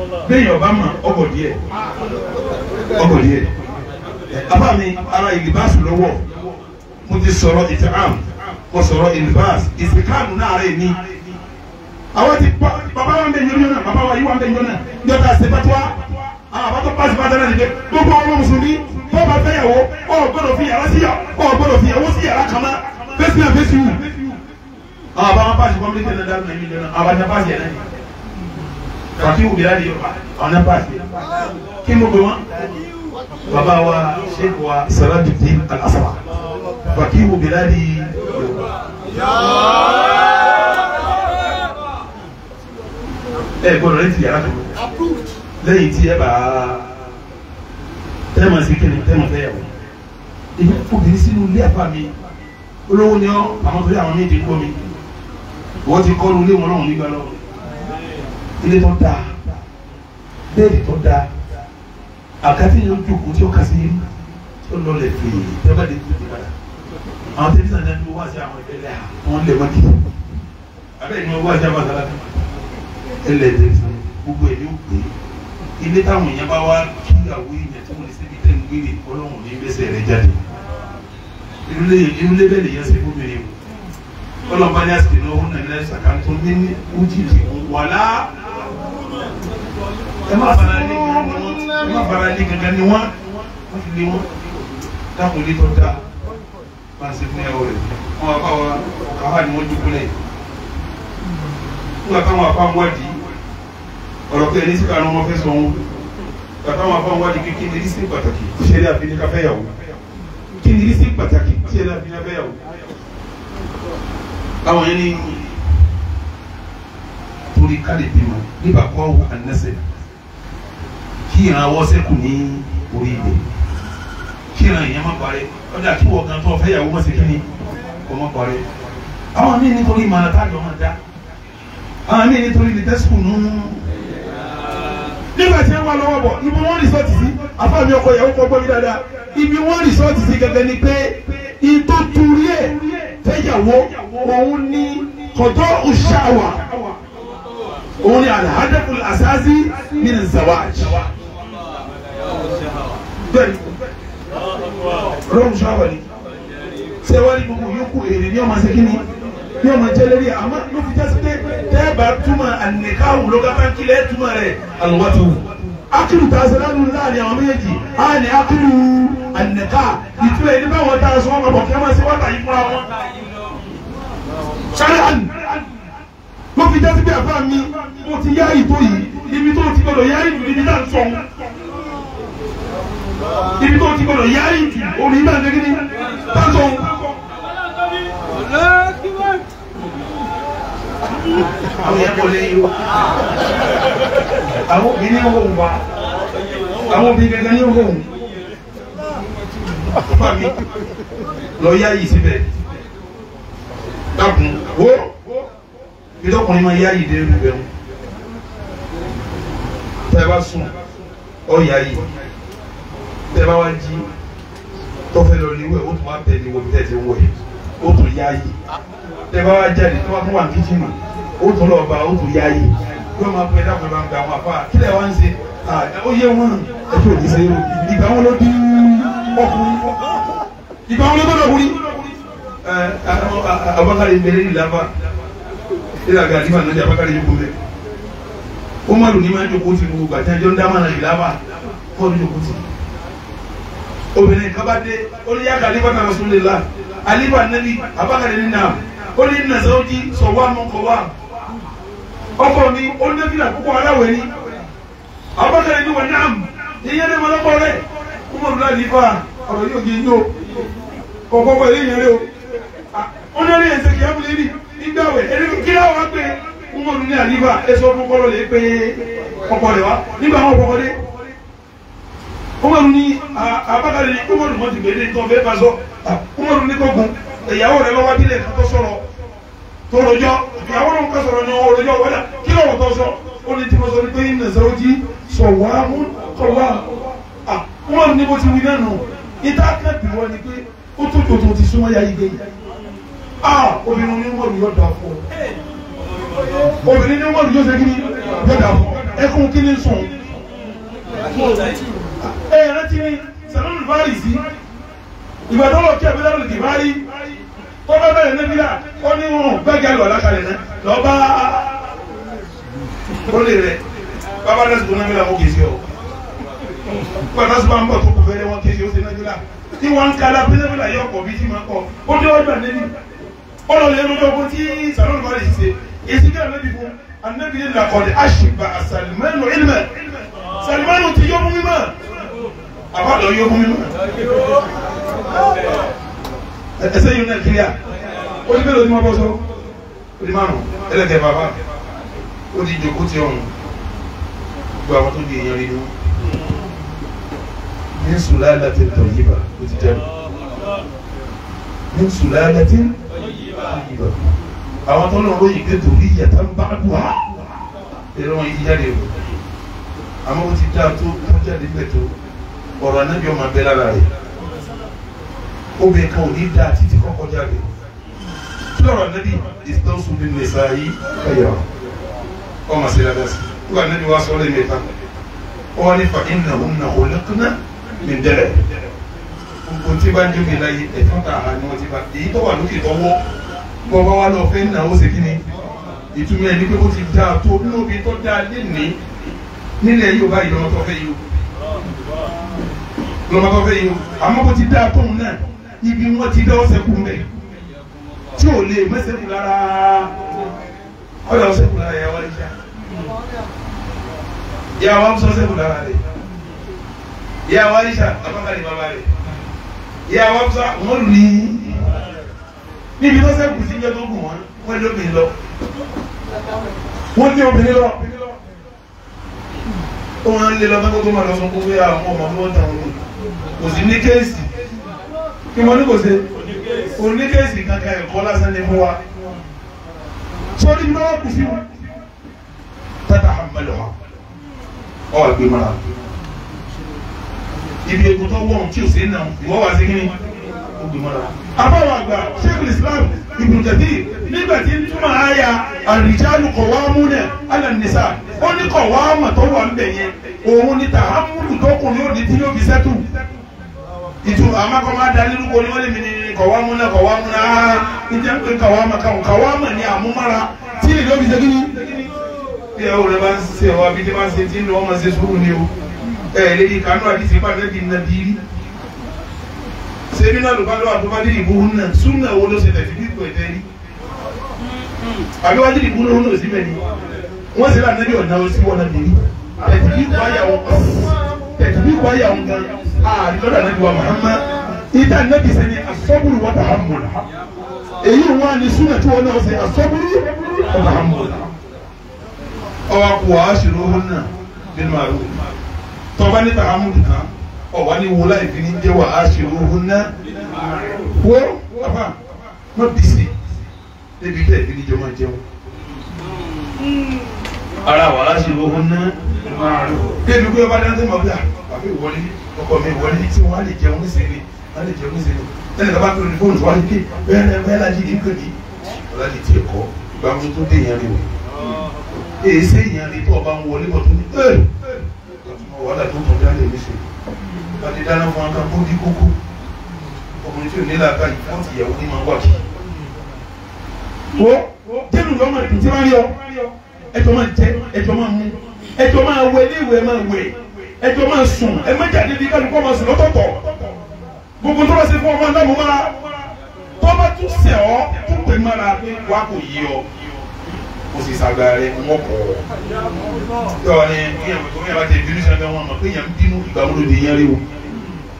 béèyàn bá mọ̀ ọgbọ̀ díẹ̀ ọgbọ̀ díẹ̀ apá mi ara ìlíbáàsì lọ́wọ́ mo ti sọ̀rọ̀ ìtààm mo sọ̀rọ̀ ìlíbáàsì ìsìkáàmù náà rẹ̀ ní. àwọn ti pa bàbá wa ń bẹ yọnyọ náà bàbá wa yìí wa ń bẹ yọnyọ náà ní ọ̀tá àṣepẹ́tùwá àwọn àbátọ́ pàṣẹ bá dáná nìyẹn gbogbo ọmọ mùsùlùmí bọ́ọ̀ bá fẹ́yàwó ọ̀ gbọ́dọ̀ fi yàrá sí yà ọ̀ gbọ́dọ̀ fi yàwó sí yàrá kan náà fẹ́sí náà fẹ́sí wù. àwọn àbá wọn pàṣẹ bọ́mílẹ̀ tẹ̀lé dáná nàìjíríà àwọn àbájá pàṣẹ yẹn náà wàkíwù bí láti ọ̀nà pàṣẹ kí mo gbé wọn bàbá wa sheikh wa Salahuddin Al-Asaba wàkíwù bí láti yorùbá. ẹ gbọ́dọ̀ létí yàrá tó lẹ́yìn tí ẹ bá tẹ́lẹ̀ máa ṣe kéde tẹ́lẹ̀ máa fẹ́ yàwó èmi kò dé sínú ilé àpá mi olówó ni ọ àwọn tó yà wọn ní ìdíkọ mi wọ́n ti kọ́ lu ilé wọn náà nígbà lọ́wọ́ ilé tó dáa béèlì tó dáa àkàtì yóò jókòó tí ó kà sí tó lọlẹ̀ fèè tẹ́gbà lè tó dìbàdà àwọn tẹ́lifísà náà ní wáṣẹ àwọn ìbẹ̀lẹ̀ àwọn lè wọ́n di abẹ́rẹ́ ní wáṣẹ àwọn àgbàlá ẹlẹ́ tẹ́lifísà gbogbo ẹ̀ ní ó gbé ilé táwọn èèyàn bá wá kí àwọn èèyàn tí wọ́n lè ṣebí tẹ́ ń gbé ní ọlọ́run ní bẹ́sẹ̀ rẹ̀ jáde inú lé bẹ́ẹ̀ lè yẹ sẹ́kú mi ni o ọlọ́ọ̀bá ní àsìkò náà ó nà ní ẹ má fara ní kankan ni wọn ẹ má fara ní kankan ni wọn wọn fi lé wọn dákun ilé tó dáa máa ṣe fún ẹwọ rẹ wọn wà fáwọn ọkà wà ní wọn dúkú lẹ nígbà táwọn afáwọn wádìí ọ̀rọ̀ pé ẹni síkà ni wọn fẹ́ sọ wọn nígbà táwọn afáwọn wádìí kékeré ní ìrísí pàtàkì ṣẹlẹ àbíní káfẹ́yàwó kí ni ìrísí pàtàkì ṣẹlẹ àbíní káfẹ́yàwó àwọn yẹn ní torí ká lè bímọ nígbà kọ́ kí ìrànwọ́ sẹ́kù ní orí ilẹ̀ kí ìràn yẹn má parẹ́ ọjà kí wọ́n gan tó ọ̀fẹ́ ìyàwó mọ̀sẹ̀ kí ni kò má parẹ́. àwọn míì nítorí ìmọ̀ràn táàjọ máa dá àwọn míì nítorí lè tẹ́sùkù nù. nígbà tí wọ́n wá lọ́wọ́ bọ̀ ibi wọ́n rìsọ́ọ̀tì sí afáàmì ọkọ ìyàwó kọ́ gbọ́mí dáadáa ibi wọ́n rìsọ́ọ̀tì sí gẹ́gẹ́ ni pé ìtò torí ẹ̀ fẹ́yàwó òun ní kọ̀tọ́ òṣàwà òun ní alhadaful asazi min zawaj bẹ́ẹ̀ rọ́ọ̀mù ṣáwà ni ṣé wàá ní gbogbo yòókù èrè ní ọmọ ṣẹ́kí ni ní ọmọ jẹlẹ́rì àmọ́ ló fi jásí pé tẹ́ẹ̀bà túmọ̀ ànìkáwù ló ká fáńkì lẹ́ẹ̀ túmọ̀ rẹ̀ àlùwàtò akiru tazalanu láàrin àwọn méjèèjì á ní akiru ànìká ìtura ẹni báwọn tá a sọ wọn bọ̀ kí wọ́n ṣe wọ́n tà yín fúnra wọn. sáré àná ló fi jásí pé àbá mi mo ti yá ìtó yìí ibi tó ti a sọ̀hún ibi tó ti gbọdọ̀ yáyì jù omi náà ṣe kíni tásán. àwọn ẹ̀kọ́ lẹ́yìn o àwọn obìnrin ń wọ̀n wa àwọn obìnrin gẹ́gẹ́ ní wọ̀n fami lọ yáyì síbẹ̀ dàkún wo ìdọ́kùnrin máa yáyì dé ẹnu bẹ̀rù tẹ́ ẹ bá sùn ọ yáyì tẹ́ bá wá jí tọ́fẹ́ lọ ní wẹ̀ ó tún wá bẹ̀ ní wọ́n tẹ̀ sí wẹ̀ ó tún yá yìí tẹ́ bá wá jáde tó wá fún wa kíchìn mà ó tún lọ bá ó tún yá yìí yóò máa pẹ́ dáhùn ìbá ń bẹ àwọn àfa kílẹ̀ wá ń ṣe ó yé wọn ẹ fi òní ṣe ìgbà wọn ló dín ọkùnrin ìgbà wọn ló gbọ́dọ̀ wúri abakari mẹrẹ ní lafa ẹ làgà àti màá nàjà abakari yóò kó bẹ ó má lò ní má jókòó ti gbogbo àti ẹjọ́ ń dá má nà ìlà wà kọ́ ló jókòó ti obìnrin kan bá dé ó ní yàtọ̀ alíbà náà sùn lè la alíbà nẹ́bí abákàlẹ́ ní nà ó ní nàzẹ́ ó jí sọ wá mọ́ kọ wá ọkọ mi ó nẹ́bí là púpọ̀ ni abákàlẹ́ ní wà náà yíyá ní mọ́lọ́kọ rẹ̀ kó mọ̀ nílá ní fa ọ̀rọ̀ yóò gé yó kọ̀ọ̀kọ̀ pẹ̀lú ìyẹn rẹ o ó nẹ́rẹ́ yẹn ṣe kí á bùlé ní ìgbàwẹ̀ ẹni kí á wá pé kó mọ̀ fún kọ́lọ́ lè pé ọkọ rẹ̀ wá nígbà wọn kọ́kọ́ dé umaru ni abakari ní umaru mọ ti gbèdé tó fẹ́ bá sọ umaru ní kókun ìyàwó rẹ lọ́wọ́ abilẹ̀ kan tó sọ̀rọ̀ tó rojọ́ ìyàwó rẹ kan sọ̀rọ̀ ní owó rojọ́ wọ́dà kí lọ́wọ́ tó sọ ó ní tí mo sọ ní pé iná sọ ojí sọ wá mú kọ wá umaru ní bó ti wí nánu ìta ni pé ó tó tó tó ti súnmọ́ ya igbe obìnrin ní umaru yóò dà fún obìnrin ní umaru yóò ṣe kí ni yóò dà fún ẹkún kí ni ẹ yẹrẹ ti ni Salman Farisi ìgbàdàn wọ kí ẹgbẹ́ lọ́dún ti bá rí tó bá bẹ̀rẹ̀ níbí la ó ní wọn gbẹ́gẹ́ lọ lákàlẹ̀ náà lọ bá kólé rẹ bàbá náà sùn níbí la wọn kì í ṣe o bàbá sùn máa ń bọ̀ tó kù fẹ́rẹ́ wọn kì í ṣe o ṣe níbí la tí wọn ń kala pé níbí la yọ ọkọ̀ bí ti máa kọ ó dé ọjọ́ níbí ó lọ lè lójó kó tí Salman Farisi ṣe èsì kí àná dìbò àná bìí lakọ̀dé àṣìbà Salmanu ilmẹ̀ Salmanu ti yọ fún mi mọ́ àbá lọ yóò fún mi mọ ẹsẹ yìí náà kiri à ó ní mélòó ni wọn bọ sọ ó ní márùn ẹlẹtẹ bàbá ó ti jòkó ti ọrùn gbogbo àwọn tó di èèyàn rí ni wọn ní sùlálà tí tọ̀ yìí bá ó ti jẹ́ ní sùlálà tí tọ̀ àwọn tó lọ́wọ́ yìí pé torí yàtá ń bá dùn á èrò wọn yìí jáde o àmọ́ ó ti dá tó tó jáde bẹ́ẹ̀ tó ọ̀rọ̀ anábì ọmọ abẹ́ lára rẹ̀ obìnrin kan ò ní da títí kọ́kọ́ jáde kí lọ́rọ̀ anábì ìtọ́sùn ní nìsa yìí ẹ̀yà ọmọ sí dáadáa sí kí wọ́n anábì wá sọ lẹ́yìn mẹ́ta ó wá ní fa iná òun náà ó lẹ́kúnná ní dẹ́rẹ̀ gbogbo tí bá ń jókè láyé ẹ̀fọ́ ta àhà ni wọ́n ti bá èyí tó wà lókè tọ́wọ́ bọ́ bá wá lọ fẹ́ náà ó ṣe kí ni ìtumọ̀ ẹni pé ó ti dáa tó lóbi tó dáa lé ní nílẹ̀ yóò bá ìdánwò tó fẹ́ yóò lọ́mọtọ́ fẹ́ yìí àmọ́ bó ti dá tóun náà ibi wọn ti dá ọ̀sẹ̀ kù mbẹ́ tí ò lè mẹ́sẹ̀ kù lára ọ̀dọ̀ ọ̀sẹ̀ kù lára ìyàwó ẹ̀ṣẹ̀ ìyàwó ọ̀sẹ̀ ọ̀sẹ̀ kù lára rẹ̀ ìyàwó ẹ̀ṣẹ̀ àbábàrẹ̀ bàbá rẹ̀ ìyàwó ọ̀sẹ̀ wọn lù ní níbi tó sẹ́kù sí ìjọ tó gùn wọn wọ́n lé obìnrin lọ wọ́n lé obìnrin lọ ó máa ń lé lọ́mọ tó máa lọ fún gbogbo àwọn ọmọ ọmọ ọ̀tá wọn kò sí ní kéèsì kí wọ́n ní kò sí òní kéèsì kankan ẹ̀kọ́ lásán ní fún wa sọ́ni bí wọ́n kù sí wọn tata hamalu ha ọ̀ àgbè mara ibi ètò tó wọ̀n tí o sì ń nà wọ́n wá sí kí ni ó gbè mara. àbáwọ̀ àgbà sheikh islam Ibn Kathir nígbà tí ń túmọ̀ àyà ar-rijalu qawwamuna 'ala an-nisa ó ní qawwama tó wà ń bẹ̀ yẹn òun ni tàhámùlù tó kùn yóò di tí yóò fi sẹ́tù ìtù àmàkọ́má dalilu kò ní wọ́n lè mi ní qawwamuna qawwamuna áá ìjẹ́ pé qawwama káwọn qawwama ni àmúmára tí lè lóbi segin ní. bí ẹ ò rẹ bá ń ṣe ọ àbí tí bá ń ṣe tí ń lọ ọmọ ṣe sùúrù ni o ẹ lè Sebi náà ló bá lọ́wọ́ àtọ́bádé ìbò húnà súnà wo ló ṣẹlẹ̀ sí bíbù ẹ̀tẹ́ rí àbíwájú ìbò náà húnà sí mẹ́ni wọ́n ṣe láti nẹ́bí ọ̀nà sí wọn náà nìyí tẹ̀tìbíkù ayàwó tẹ̀tìbíkù ayàwó gan àdìlọ́dà nẹ́bí wa Muhammad ìdá nẹ́bí sẹ́ni asọ́bùrù wa tahammul èyí wọn ni súnà tí wọn náà ṣe asọ́bùrù wa tahammul ọwọ́ kò wá ṣèlú húnà nínú àrùn tọ́ba ní tahammul kan ọ̀wá ní wọlé àìfi ní jẹ́ wà á ṣe òhun náà wọ́ àbá má bìsì débi tẹ̀ ìfi ní jọ máa jẹun. ara wà á ṣe òhun náà débi pé ọba dáńtẹ́ máa bíyà àfi wọlé ọkọ mi wọlé tí wọ́n á lè jẹun nísìnyí wọ́n á lè jẹun nísìnyí tẹ́lẹ̀ bá tó ní fóònù wọ́n á lè ké bẹ́ẹ̀ bẹ́ẹ̀ lájí ní kéde ọ̀la lè tiẹ̀ kọ́ ìgbàmú tó dé yẹn rí wọ̀ èyí sẹ́yìn yẹn rí tó ọba ń wọlé bọ̀ tó ní ẹ̀ wàhálà tó tọ̀ bí a lè ní sèé wọn ti dáná fún akán kó dí kókó ọkùnrin tí ò ní làákà yìí wọn ti yẹwò ní máa wà kí. wo jẹ́nu lọ́mọ ìdí tí wọ́n rí ọ ẹjọ́ máa jẹ ẹjọ́ máa mú ẹjọ́ máa wẹ ilé ìwẹ̀ máa wẹ̀ ẹjọ́ máa sùn ẹ má jáde bí kálukọ́ máa sùn lọ́tọ̀ọ̀tọ̀ gbogbo tó bá ṣe fún ọmọ náà mo máa tọ́ bá tún sẹ̀ ọ́ tún pè mára pé wàá kò yí ọ kò sì ṣàgbára rẹ wọ́n pọ̀ yọ ni ìyẹn bá ti bínú sí ẹgbẹ́ wọn mọ̀ pé èèyàn ń bínú ìgbà wo ló di yẹn rí o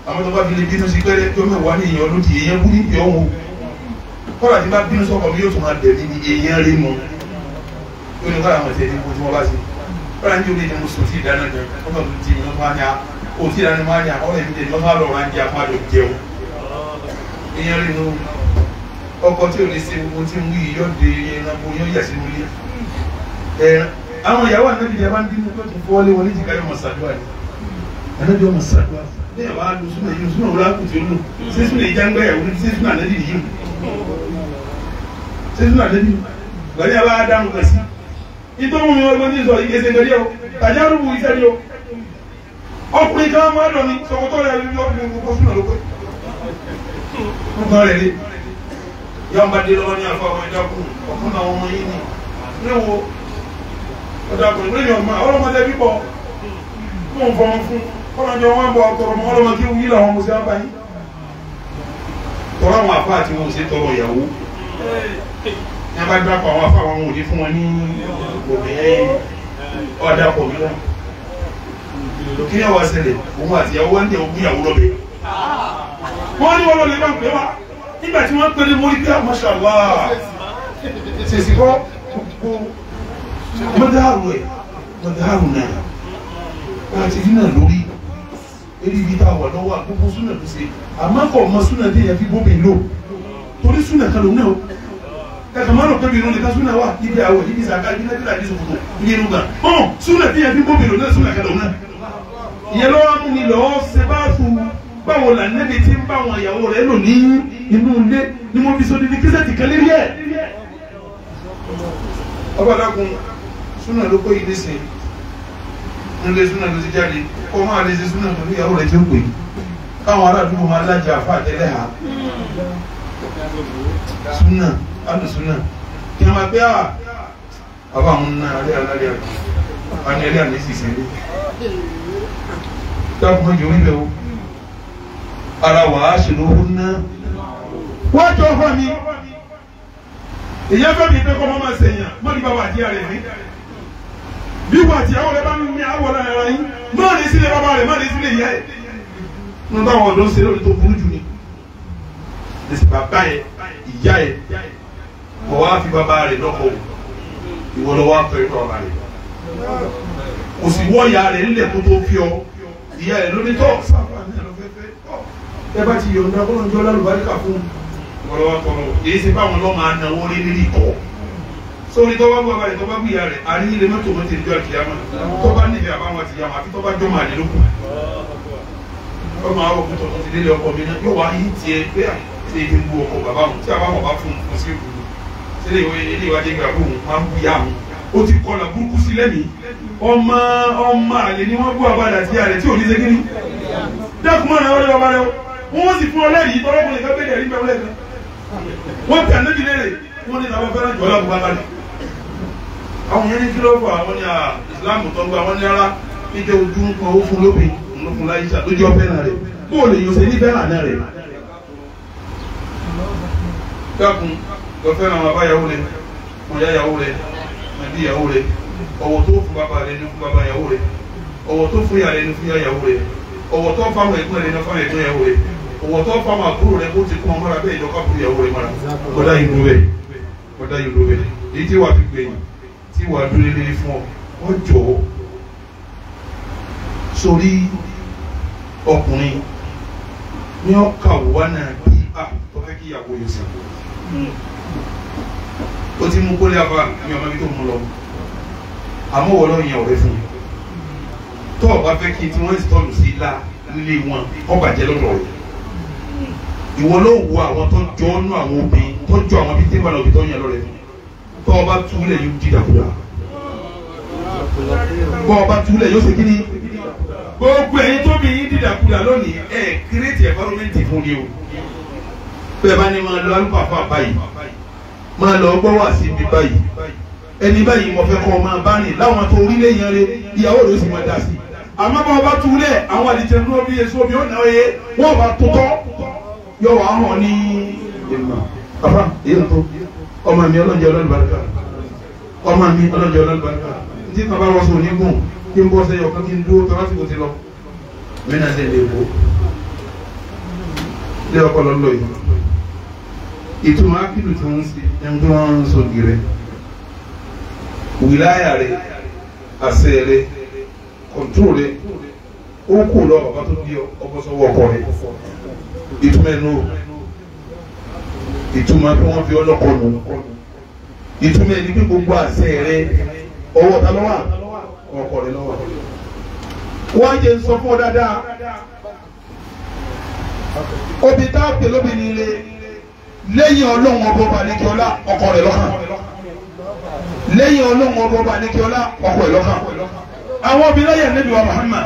àwọn tó bá fi lè bínú sí pẹ́rẹ́ tó mẹ́wàá ní èèyàn ló di èèyàn wú ní ìyọ̀ wò kọ́lá tí bá bínú sọ́kọ̀ mi yóò tún máa dẹ̀ níbi èèyàn rí mu yóò ní kọ́lá àwọn ìṣẹ̀lẹ̀ ìwọ̀n tí wọ́n bá ṣe kọ́lá ní olè ní mo sùn tí ìdáná jẹ ọmọ mi ti mi máa ní a òtí ọkọ tí o lè ṣe gbogbo tí ń wí yóò de ẹranko yóò yà sínú ilé ẹran àwọn ìyàwó ànábì ni a bá ń dínú pé kò fọwọ́ lé wọn ní jìkà yóò mọ̀ ṣàdúrà ni ànábì yóò mọ̀ ṣàdúrà ní ẹ̀wà ló súnmọ̀ èyí súnmọ̀ wọlé àkùtì ó lò sísun lè já ń gbẹ́ ẹ̀wọ̀n sísun ànábì nìyí sísun ànábì gbẹ̀rẹ́ àbá dánú kà sí ìtọ́wọ́n mi ọgbọ́n ní sọ ìgbésẹ̀ gbẹ̀rẹ́ o tàjárùbù iṣẹ́ ni o ọkùnrin kan yọmbadé lọ́wọ́ ní afọ àwọn ẹ̀dá kùn ọ̀kún náà ọmọ yìí ni ní wo ọ̀dà kùn ní yọ̀ máa ọlọ́mọdé bíbọ̀ kó ń fọwọ́ fún ọlọ́jọ́ wọn bọ̀ ọ̀tọ̀rọ̀ mọ́ ọlọ́mọ kí wúyí làwọn mọ̀ sí abá yìí tọ́rọ àwọn afọ àti wọn ò sí tọrọ ìyàwó ní a bá dápọ̀ àwọn afọ àwọn òde fún wọn ní obìnrin ọ̀dà pọ̀ mìíràn kí ni àwọn ṣẹlẹ̀ òun àtìyàwó wọn ní ọgbìyàwó lọ́bẹ̀ẹ́ wọ́n ní wọn lọ́lẹ̀ náà pé wá nígbà tí wọ́n pè ní mórí pé àmọ́ṣàlá ṣèṣì kọ́ gbogbo mọ́dáàrú ẹ̀ mọ́dáàrú náà wọ́n ti dínà lórí eré ibi tá a wà lọ́wọ́ àgbógbó súnà ló ṣe àmọ́ kọ̀ ọmọ súnà dé yẹn fi bóbi lò torí súnà kan lòun náà kàkà máa ń lọ́kọ́ ìrún nìkan súnà wà níbi àwọ̀ níbi sàkà níbi nàìjíríà ní sòkòtò ní irun gan ọ̀hún súnà dé yẹn fi bóbi lò náà súnà kan lòun náà ìyẹn lọ́wọ́ mú mi lọ́ọ́ báwo là nẹ́bi tí ń bá àwọn ìyàwó rẹ̀ lò ní inú ilé ni mo fi so dídí kírísẹ́tì kan lérí ẹ̀. ọba dákun súnà ló kó ìdí sìn nílé súnà ló ti jáde kó máa lè ṣe súnà pẹ̀lú ìyàwó rẹ̀ tí ń pè é káwọn aládùúgbò máa lájà àfa àtẹlẹ ha súnà alù súnà kí wọn máa gbé à bàbá àwọn náà alẹ́ alẹ́ àná alẹ́ àná ìsinsìnyí dákun mọ́jú orí bẹ́ẹ̀ wò ara wàá sínú húnná. wọ́n jọ họ ni ìyẹn fẹ́ mi pé kọ́ mọ́ máa ṣe yàn mọ́ ní bàbá àti àrẹ̀ mi. bí wọ́n àti àwọn ọ̀rẹ́ bá ń ní àwọ̀ lára ara yín mọ́ ní sílé bàbá rẹ̀ mọ́ ní sílé ìyá ẹ̀. wọ́n bá wọn ọ̀dọ́ ṣe lórí tó burú jù ni. ẹ̀sìn bàbá yẹn ìyá yẹn kọ̀ wá fi bàbá rẹ̀ lọ́kọ̀ wò ìwọ lọ́wọ́ àpẹẹrẹ tó bàbá rẹ̀. kò sì wọ́ ìyá rẹ̀ nílẹ̀ kó tó fi ọ ìyá rẹ̀ lónítọ̀ sáfà ẹ bá ti yọ̀ǹda kọ́nà jọ lálùbáríkà fún ọ̀rọ̀wọ̀kọ̀rọ̀ èyí ṣe báwọn lọ́ máa náwó lé lérí kọ́ sórí tọ́ba bú abalẹ̀ tọ́ba bú ìyá rẹ̀ àní ilé mọ́tò mọ́tò ìjọ àkìyàmọ́ tọ́ba níbi àbáwọn àtìyàmọ́ àfi tọ́ba jọ́ màlẹ́ lóko ọmọ àwọn òkúta ọ̀tún ti délé ọkọ mi náà yóò wá yí tiẹ̀ pé àti ah, ń bu ọkọ bàbá wọn tí àbáwọn bá fún un kò sí ìlú burúkú sí lẹ́mìí ọmọ ọmọ àlè ni wọ́n bú abalẹ̀ àti ìyá tí ò ní ṣe kí ni dákùmọ́ náà wọlé bàbá rẹ̀ o wọ́n sì fún ọlẹ́rìí tọ́lọ́kùnrin nìkan bẹ́ẹ̀ ẹ̀rí bẹ́ẹ̀ lẹ́kan wọ́n tẹ̀ níbi léèrè wọ́n ní làwọn fẹ́ràn jọ̀ọ́ làbùkà kalẹ̀ àwọn yẹn ní kí ló fà wọ́n ní Islam tó gba wọ́n ní ara níjẹ́ ojú ń kan ó fún lóbi ńlọkùn láyé sá lójú ọ̀fẹ́ náà rẹ̀ kó o lè yọ sí ní bẹ́ẹ̀ náà rẹ̀. dákun lọ́fẹ́ náà wọn bá yàwó rẹ̀ wọn yá yàwó rẹ̀ wọn bí yàwó rẹ̀ ọ̀wọ̀ tó fún bàbá rẹ̀ ní fún bàbá yàwó rẹ̀ ọ̀wọ̀ tó fún yàrá rẹ̀ ní fún yàrá yàwó rẹ̀ ọ̀wọ̀ tó fáwọn ẹ̀gbọ́n rẹ̀ ní fáwọn ẹ̀gbọ́n yàwó rẹ̀ wọ́n tó fa máa kúrò rẹ kó ti kún ọmọ rẹ bẹ́ẹ̀ ìjọba kúrò ìyàwó rẹ mara kọ́dá yìí ló bẹ̀ kọ́dá yìí ló bẹ̀ èyí tí wàá fi gbẹ̀yìn tí wàá dúró lé fún ọ ọ jọ sórí ọkùnrin ní ọkà wà náà bí a tó fẹ́ kí ìyàwó yẹn sàn ó ti mú kólé afa ní ọmọ ibi tó mú lọ àmọ́ wọ́n lọ́ọ́ yẹn ọ̀rẹ́ fún yẹn tó o bá fẹ́ kí tí wọ́n ti tọ́lù sí ilá nílé wọn ọgbà jẹ́ lọ́dọ̀ rẹ̀ ìwọ ló wo àwọn tó jọ ọ́ nú àwọn obìnrin tó jọ àwọn bíi tẹ́gbà lọ́bi tó yẹn lọ́rẹ́ tó ọba túlẹ̀ yóò di dàkúdà bọ́ ọba túlẹ̀ yóò ṣe kíni gbogbo ẹ̀yin tóbi yín di dàkúdà lónìí ẹ̀ kírètì environment fún ni o bẹ́ẹ̀ bá ní máa lọ alùpàpà báyìí máa lọ gbọ́ wá sí ibi báyìí ẹni báyìí mo fẹ́ kọ́ máa bá rìn láwọn tó orílẹ̀ yẹn re ìyàwó rẹ̀ ó sì máa dà sí àmọ́ bá ọba túlẹ̀ àwọn àdìjẹ́ ní omi èso omi ó nà ó yẹ wọ́n bá tó tọ́ yọ wà hàn ní ìmọ̀ bàbá èyí tó ọmọ mi ọlọ́jẹ ọlọ́dúnbàdúrà ọmọ mi ọlọ́jẹ ọlọ́dúnbàdúrà tí bàbá wọn sọ onígun kí n bọ́ sẹ́yọ kí n dúró tọ́lá tí kò ti lọ mẹ́nà ṣe lè bò lé ọkọ lọ́lọ́ yìí ìtumọ̀ akílù tó ń ṣe ẹni tó ń sọ gírẹ́ wìláyà rẹ àṣẹ rẹ kọ̀ǹtúrò rẹ ó kù lọ bàbá tó bí ọ ọgbọ́sọwọ́ ọkọ rẹ ìtumọ̀ ẹnu ìtumọ̀ pé wọ́n fi ọlọ́kọ̀ nù ìtumọ̀ ẹni pé gbogbo àṣẹ rẹ ọwọ́ ta lọ́wọ́ ọkọ̀ rẹ lọ́wọ́ wọ́n jẹ́ sọ fún ọ dáadáa obì tá a pè lóbìnrin lé lẹ́yìn ọlọ́run ọba ọba nìkíọ́lá ọkọ lọ́kàn lẹ́yìn ọlọ́run ọba ọba nìkíọ́lá ọkọ lọ́kàn àwọn obìnrin lẹ́yìn ẹ̀nẹ́bí wa Muhammad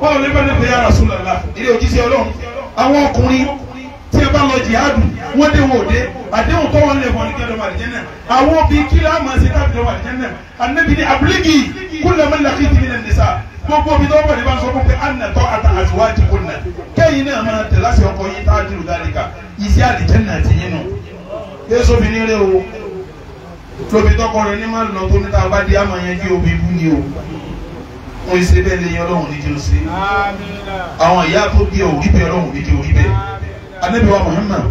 wọ́n lè bá ní pé ya Rasulullah ilé òjíṣẹ́ ọlọ́run àwọn ọkùnrin tí ẹ bá lọ jihadu wọ́n dé wọ́n dé àdéhùn kọ́ wọn lè fọ́n ní kẹ́lẹ́ wàlìjẹ́ náà àwọn obìnrin kí láàmú ṣe káàkiri wàlìjẹ́ náà anabi ni abúlégì kúlẹ̀ mẹ́lá kí tìmí lẹ́nu nìsa gbogbo omi tó wọ́n bá sọ fún pé anatọ́ ata àtiwájú kò nà kẹ́yìn náà máa tẹ̀ láti ọkọ yín tá a dúró dáríkà iṣẹ́ àlìjẹ́ náà ti yín nù yéésù mi ní o lóbi tọkọ rẹ ní má lọ tó ní bá di àmọ̀ yẹn jí omi bú ni o wọn ṣe bẹ́ẹ̀ lé yẹn ọlọ́run nídìí ṣe àwọn ìyá tó bí òwúrí bẹ́ẹ̀ ọlọ́run nídìí òwúrí bẹ́ẹ̀ anábìwá Muhammad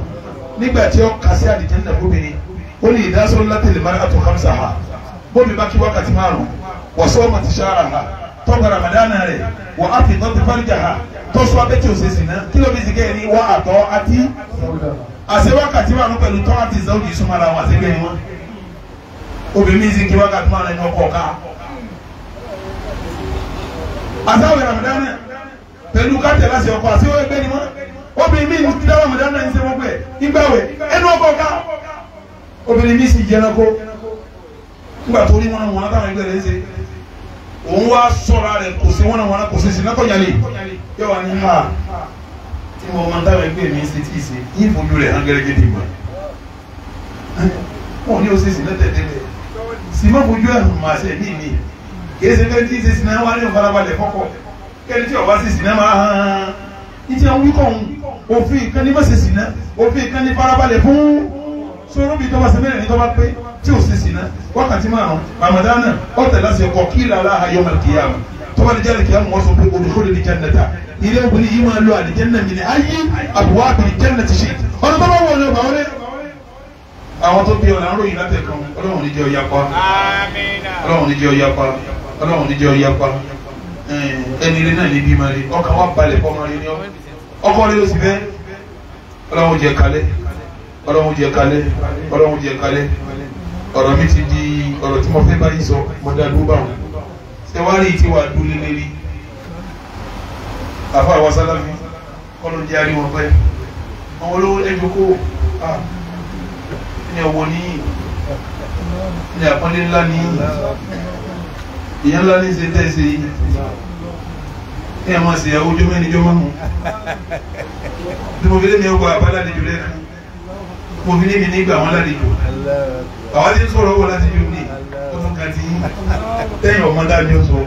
nígbà tí ó kà sí àdìjẹ́ndà fóbìnrin ó ní ìdásọ́rọ́ látẹ̀lẹ̀ máa tó hamsa ha bóbi bá kí wákàtí márùn wà sọ́ọ́ mà ti ṣára ha tọ́gbà ramadana rẹ̀ wà á fi tọ́tí fáríjà ha tọ́sọ abẹ́tí òṣèṣì náà kí ló fi sì wákàtí márùn pẹ̀lú tọ́ àti ọkọ̀ ká àtàwọn ramadan náà pẹ̀lú káàtì láti ọkọ àti ó ẹgbẹ́ ni wọ́n obìnrin mi ti dáwọ́ ramadan náà ń sẹ́wọ́n pẹ̀ ìgbàwẹ̀ ẹnu ọkọ̀ ká obìnrin mi sì jẹnako nígbà tó rí wọn wọn táwọn ẹgbẹ́ rẹ̀ ń ṣe òun wá sọ̀rọ̀ rẹ̀ kò sí wọn wọn kò sí sí lọ́kọ̀nyálẹ̀ yóò wá ní ha tí mo máa táwọn ẹgbẹ́ mi ṣe tí ṣe yín fojú rẹ̀ hàn gẹ́gẹ́ dì mọ́ wọn ní o ṣe sí lẹ́tẹ̀ẹ́tẹ̀ẹ́ sì má fojú ẹ̀ hàn máa ṣe ní ìní kìí ṣe fẹ́ẹ́ tí ṣe sinimá wà ní ìfarabalẹ̀ kọ́kọ́ kẹ́ni tí ọba ṣe sinimá hàn ní ti àwọn wíkọ̀ òfin kan ní má ṣe sinimá òfin kan ní farabalẹ̀ fún sọ̀rọ̀ bí tọ́ba sẹ́mẹ́rẹ̀ ní tọ́ba pé tí ò ṣe sinimá wákàtí márùn ramadana ọ̀tẹ̀ láti ọkọ̀ kí làlá ayọ́mọ̀ kìyàmù tọ́ba ní jáde kìyàmù wọ́n sọ pé olùkọ́ lè ní jannata ilé obìnrin yìí máa lo àlìjẹ́nà mi ní ayé àbúwá àbìrì jẹ́nà ti ṣe ọ̀nà tó bá wọ̀ ní ọgbà wọlé. àwọn tó bí ọ̀nà àròyìn látẹ̀kàn ọlọ́run ní jẹ́ ọ̀yà pa ọlọ́run ní jẹ́ ọ̀yà pa ọlọ́run níjẹ́ ọ yapa ẹni rí náà níbi máa rí ọkàn wa balẹ̀ kọ́ máa rí ní ọ ọkọ rí ló sì fẹ́ ọlọ́run jẹ kalẹ̀ ọlọ́run jẹ kalẹ̀ ọlọ́run jẹ kalẹ̀ ọ̀rọ̀ mi ti di ọ̀rọ̀ tí mo fẹ́ báyìí sọ mo dá dúró báwọn sẹwárì tí wàá dúró lérí àfa àwọn sálámi kọ́ló jẹ́ àríwọ̀n pẹ́ àwọn olówó ẹjọ́ kó ní ọ̀wọ́ ní ní àpọ́nlé ńlá ní ìyẹn ńlá ní ṣe tẹ̀sí ẹ̀ máa ṣe ìyàwó jọmọ ẹni jọmọ mu tí mo fi lé mi ọkọ àbáládìjọ lẹ́nu mo fi lé mi nígbà wọn ládìjọ àwọn tí ń sọ̀rọ̀ wọ láti yóò ní ọdún kan ti tẹ̀yìn ọmọ dáadé sọ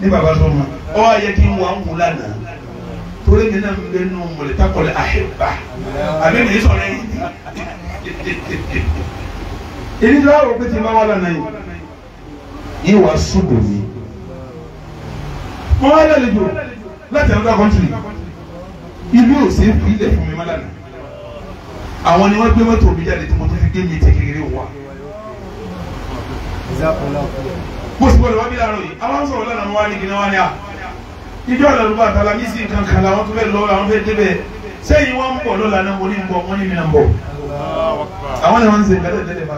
ní bàbá sọ ma ọ wá yẹ kí n wà ń wù lánàá torí mi náà ń bẹ nù mọ̀lẹ́ takọ̀lẹ́ àhẹ́bà àbí mi sọ̀rọ̀ yìí. èyí ló wà rò pé tí n bá wà lánàá yìí yìí wá ṣubú mi. mo wá lálejò láti another country ìlú ò sí fi ilẹ̀ fún mi má lánàá àwọn ni wọ́n gbé mọ́tò mi jáde tí mo tún fi gé mi ti kékeré wá. mo sì gbọ́dọ̀ wá bí láàárọ̀ yìí àwọn sọ̀rọ̀ lánàá mo wá ní kíní wá ní à ìjọ àlàlùbọ̀ àtàlà mi sì kan kan làwọn tó fẹ́ lọ́wọ́ làwọn fẹ́ débẹ̀ sẹ́yìn wọ́n ń bọ̀ lọ́la náà mo ní ń bọ̀ wọ́n ní mi náà ń bọ̀ àwọn ni wọ́n ń ṣe ìgbàlódé lẹ́lẹ́ bá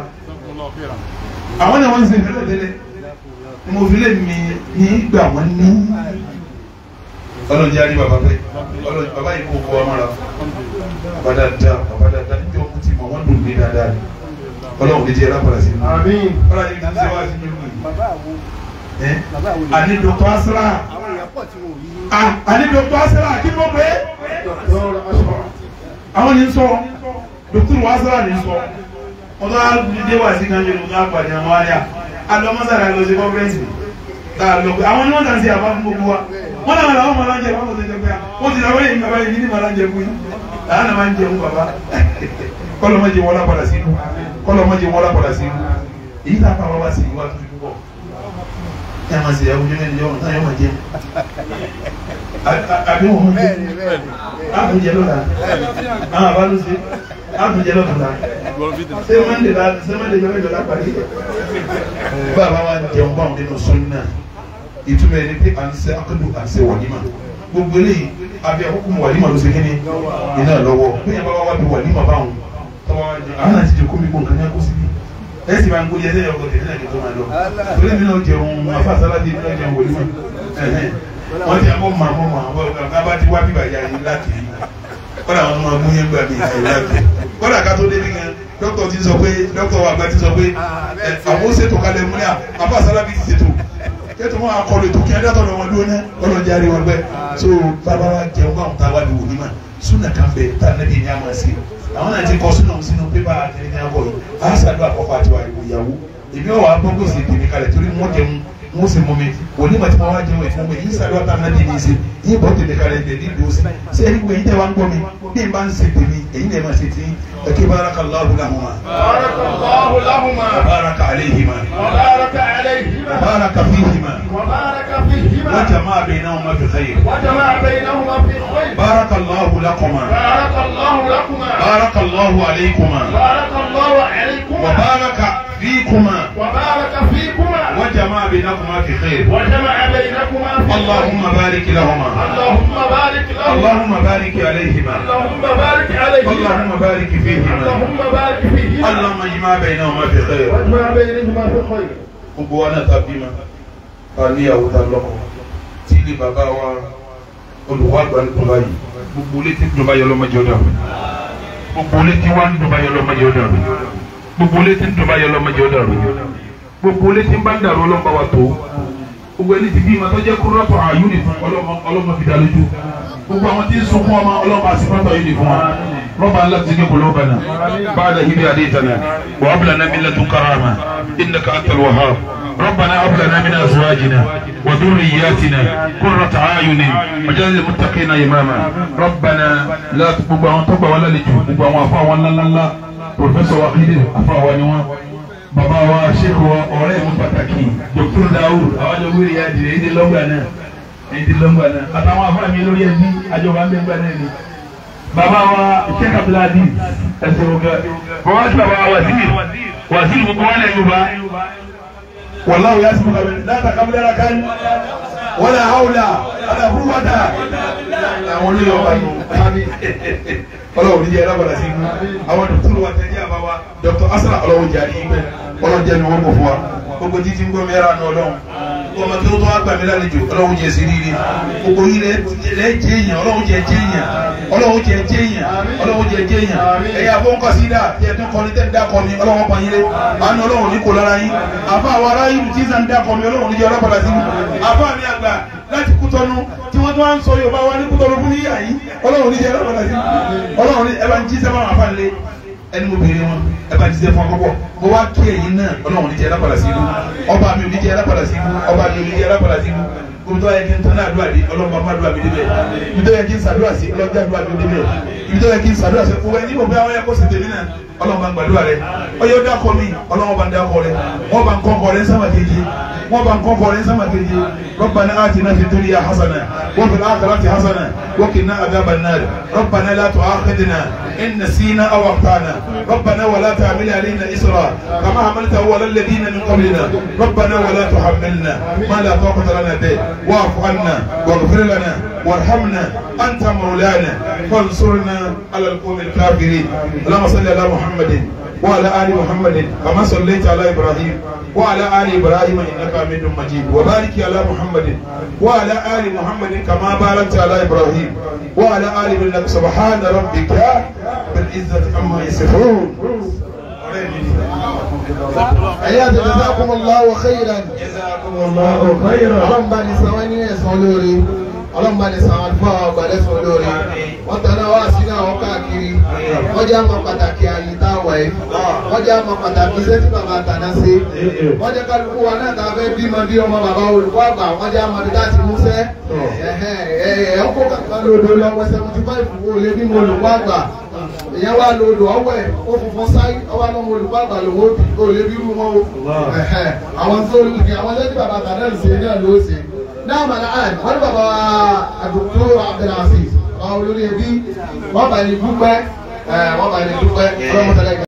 àwọn ni wọ́n ń ṣe ìgbàlódé lẹ́lẹ́ ni mo fi lè mi ní ìgbà wọn ní. ọlọ́run jẹ́ àrí bàbá bẹ́ẹ̀ ọlọ́run bàbá yìí kò kọ́ ọmọ rà bàbá dáadáa bàbá dáadáa níjọ́ ọkùn ti mọ̀ wọ́n dùn mí dáadáa ni ọlọ́run lè jẹ́ lápàdà sí mi. ọlọ́run yìí ti ṣe wá sí mi lù mí. àní dọ̀tọ̀ asra àní dọ̀tọ̀ asra kí ló pé àwọn ní sọ dọ̀tọ̀ asra ní sọ ọlọ́run lè dé wá sí kan yẹn lọ́dọ̀ àgbàdì àwọn àríyá alọ́mọ́sára lọ sí conference tá a lọ pé àwọn ni wọ́n tàn sí àbá fún gbogbo wa wọ́n náà làwọn máa ń jẹ báwọn tó jẹ pé ó ti làwọn èyí bàbá yìí ní màá ń jẹ fún yìí làwọn náà máa ń jẹun bàbá kọ́lọ́mọ́jẹ wọlá padà sínú kọ́lọ́mọ́jẹ wọlá padà sínú èyí tá a fà wá sí iwájú púpọ̀ kí a máa ṣe àwùjọ ní ìjọ náà yóò máa jẹ àbí wọn máa jẹ àbújẹ lọ́la àwọn àbá ló ṣe àbújẹ lọ́la sẹ́wọ́n de la sẹ́wọ́n de yọrọ yọrọ parí bàbá wa jẹun báwọn nínú sunna ìtumọ̀ yẹn ni pé à ń sẹ́ akédu à ń sẹ́ wọ́n ní ma gbogbo eléyìí abẹ́ àkókò mu wàlímà ló ṣe kí ni iná lọ́wọ́ bóyá bàbá wa bí wàlímà báwọn tọ́wọ́ wa jẹ àwọn àti jẹ kómi kó nǹkan ní akóso bí ẹ sì máa ń gbóyè ẹsẹ̀ ọkọ̀ tẹ̀lé ẹ̀kẹ́ tó máa lọ torí mi náà jẹun afa sáláàdì mi náà jẹun wòlímà wọ́n ti àbọ̀ mọ̀ àbọ̀ mọ̀ àbọ̀ àbá ti wá bíbà yà yín láti yín kọ́ra kọ́dà ká tó débi gan dókítà ti sọ pé dókítà wa àgbà ti sọ pé ah, ah, àwọn ó ṣètò kalẹ̀ múlẹ̀ àbá sálábì ti ṣètò kẹ́tù wọn akọlù ètò kí ẹ̀dátọ̀ lọ́wọ́ dúró ná ọlọ́jà rí wọn gbẹ ah, so bàbá wa jẹun báwọn tá a wà ní wò ní mà súnà kan bẹ tá a nẹ́bí ní a máa ṣe àwọn náà ti kọ súnà sínú pépà àti ní akọ yìí àṣà ló àkọ́kọ́ àti wà ìwòyàwó èmi ò wà á gbọ́ gbèsè tèmi kalẹ̀ torí mo sì mú mi onímọ̀ tí mo wá jẹun ẹ̀fọn mi yìí sàdúrà tá a náà di ní ìsìn yìí bọ́ tètè kalẹ̀ tẹ̀ ní ìlú sí ṣé ẹni gbé yín tẹ́ wá ń gbọ́ mi bí n bá ń ṣe tèmi èyí lè máa ṣe tí ẹ kí barakallahu lahuma. barakallahu lahuma. baraka aleihima. baraka aleihima. baraka fihima. baraka fihima. wa jama'a bainahuma fi khayr. wa jama'a bainahuma fi khayr. barakallahu lakuma. barakallahu lakuma. barakallahu aleikuma. بينكما في خير وجمع بينكما في اللهم بارك لهما اللهم بارك لهما اللهم بارك عليهما اللهم بارك عليهما اللهم بارك فيهما اللهم بارك فيهما اللهم اجمع بينهما في خير واجمع بينهما في خير gbogbo wa náà ta bímọ ta níyàwó ta lọ́kọ tí ilé bàbá wa olùwà àgbà ń dùn báyìí gbogbo létí dùn báyìí ọlọ́mọdé ọdọ mi gbogbo létí wa ń dùn báyìí ọlọ́mọdé ọdọ mi gbogbo létí ń dùn báyìí ọlọ́mọdé ọdọ mi gbogbo létí ń bá ń dàrú ọlọ́mọba wa tó gbogbo ẹni tí bí ma tó jẹ́ kúrọ́tọ̀ àyù ní fún ọlọ́mọ fi dalójú gbogbo àwọn tí ń sunkún ọmọ ọlọ́mọ àsìkọ́tọ̀ yìí ní fún wa rọ́bà ńlá ti ní kòló bana báyìí lẹ́yìn adé tana wà á bìlà nàmi lẹ́tún karama innaka antal wahhab ربنا هب لنا من ازواجنا وذرياتنا قرة اعين وجعل للمتقين اماما ربنا لا تبغى ولا لجوا ولا فا ولا لا لا بروفيسور واحد افا ونوا bàbá wa ṣèkọ wa ọ̀rẹ́ mi pàtàkì Dr. Dawud àwọn àjọ wíìrì yá dìde èdè lọ́gbà náà èdè lọ́gbà náà àtàwọn afárá mi lórí ẹbí àjọ wa ń bẹ gbà náà ni bàbá wa Sheikh Abdulaziz ẹsẹ̀ ọ̀gá bàbá wa ti bàbá wa Waziri Waziri gbogbo wa lẹ́yìn Yorùbá wàláwù yà sí bukabẹ láti àkàbílẹ̀ kan wọlé àwòlà àdàbúwàdà àwọn olóyè ọba yìí ọlọ́wọ́ níjẹ́ ẹ̀ lábàdà sí i àwọn dọ̀tún wa tẹ̀lé asra ọlọ́wọ́ jàdí Ọlọ́run jẹ́ mi wọ́n kò fún wa gbogbo títí ń gbọ́ mi yàrá nù Ọlọ́run ọmọ tó tó wá gbà mí lálejò Ọlọ́run jẹ́ sí rírì gbogbo yìí lẹ́ jẹ́ èèyàn Ọlọ́run jẹ́ jẹ́ èèyàn Ọlọ́run jẹ́ jẹ́ èèyàn Ọlọ́run jẹ́ jẹ́ èèyàn ẹ̀yà fún kọ́sídà tí ẹ̀ tún kọ́ ní tẹ́ dákọ̀ mi Ọlọ́run pa yín ni àánú Ọlọ́run ní kò lára yín àfa àwọn ará ìlú tí sàn dákọ̀ mi Ọlọ́run níjẹ́ ọlọ́pàá sí mi àfa mi àgbà láti Kútọ́nù tí wọ́n tún wá ń sọ Yorùbá wa ní Kútọ́nù fún níyà yìí Ọlọ́run níjẹ́ ọlọ́pàá sí mi Ọlọ́run ẹ bá ń jí sẹ́wọ̀n àfa nílé ẹni mo bèrè wọn ẹ bá ti ṣe fún akọ́kọ́ mo wá kí ẹ̀yin náà ọlọ́run oníjẹ́ alápàdà sí ibú ọba mi oníjẹ́ alápàdà sí ibú ọba mi oníjẹ́ alápàdà sí ibú gbogbo ayé kí n tán àdúrà dé ọlọ́mọ ọmọ àdúrà mi débẹ̀ ibi tó yẹ kí n sàdúrà sí ọlọ́jà àdúrà mi débẹ̀ ibi tó yẹ kí n sàdúrà sí owó ẹni mo bẹ àwọn ẹ̀kọ́ sì tèmi náà ọlọ́run bá ń gbàdúrà rẹ ọyọ dákọ mi ọlọ́run bá ń dákọ rẹ wọ́n bá ń kọ́ ọkọ rẹ sábà kejì wọ́n bá ń kọ́ ọkọ rẹ sábà kejì ربنا آتنا في الدنيا حسنة وفي الآخرة حسنة وقنا عذاب النار ربنا لا تؤاخذنا إن نسينا أو أخطأنا ربنا ولا تعمل علينا إسرا كما حملته على الذين من قبلنا ربنا ولا تحملنا ما لا طاقة لنا به واعف عنا واغفر لنا وارحمنا انت مولانا فانصرنا على القوم الكافرين اللهم صل على محمد وعلى ال محمد كما صليت على ابراهيم وعلى ال ابراهيم انك حميد مجيد وبارك على محمد وعلى ال محمد كما باركت على ابراهيم وعلى ال انك سبحان ربك بالعزه عما يصفون الله خيرا جزاكم الله خيرا ربنا sawani يا صلوري ọlọ́run bá ní san àlùfáà àwọn ọgbà lẹ́sùn olóore wọ́n tẹ̀lé wá sínú àwọn káàkiri wọ́n jẹ́ àmọ́ pàtàkì àyè tá a wà yìí wọ́n jẹ́ àmọ́ pàtàkì iṣẹ́ tí bàbá àtàná ṣe wọ́n jẹ́ kálukú wa náà tá a fẹ́ bímọ bí ọmọ bàbá olùkọ́ àgbà wọ́n jẹ́ àmọ́ dídá ti múṣẹ́ ẹ̀ẹ́ ọkọ̀ kankan lòdò lọ́wọ́ seventy five wo lè bímọ olùkọ́ àgbà ìyẹn wà lòdò ọwọ́ ẹ̀ ó funfun sáyé ọwọ́ àwọn olùkọ́ àgbà lòwò ó lè bí wọn o àwọn tó àwọn lẹ́yìn bàbá àtàná ṣe náà ló ṣe. نعم الآن هرب الدكتور عبد العزيز قالوا لي دي وضع للدكتور آه، وضع للدكتور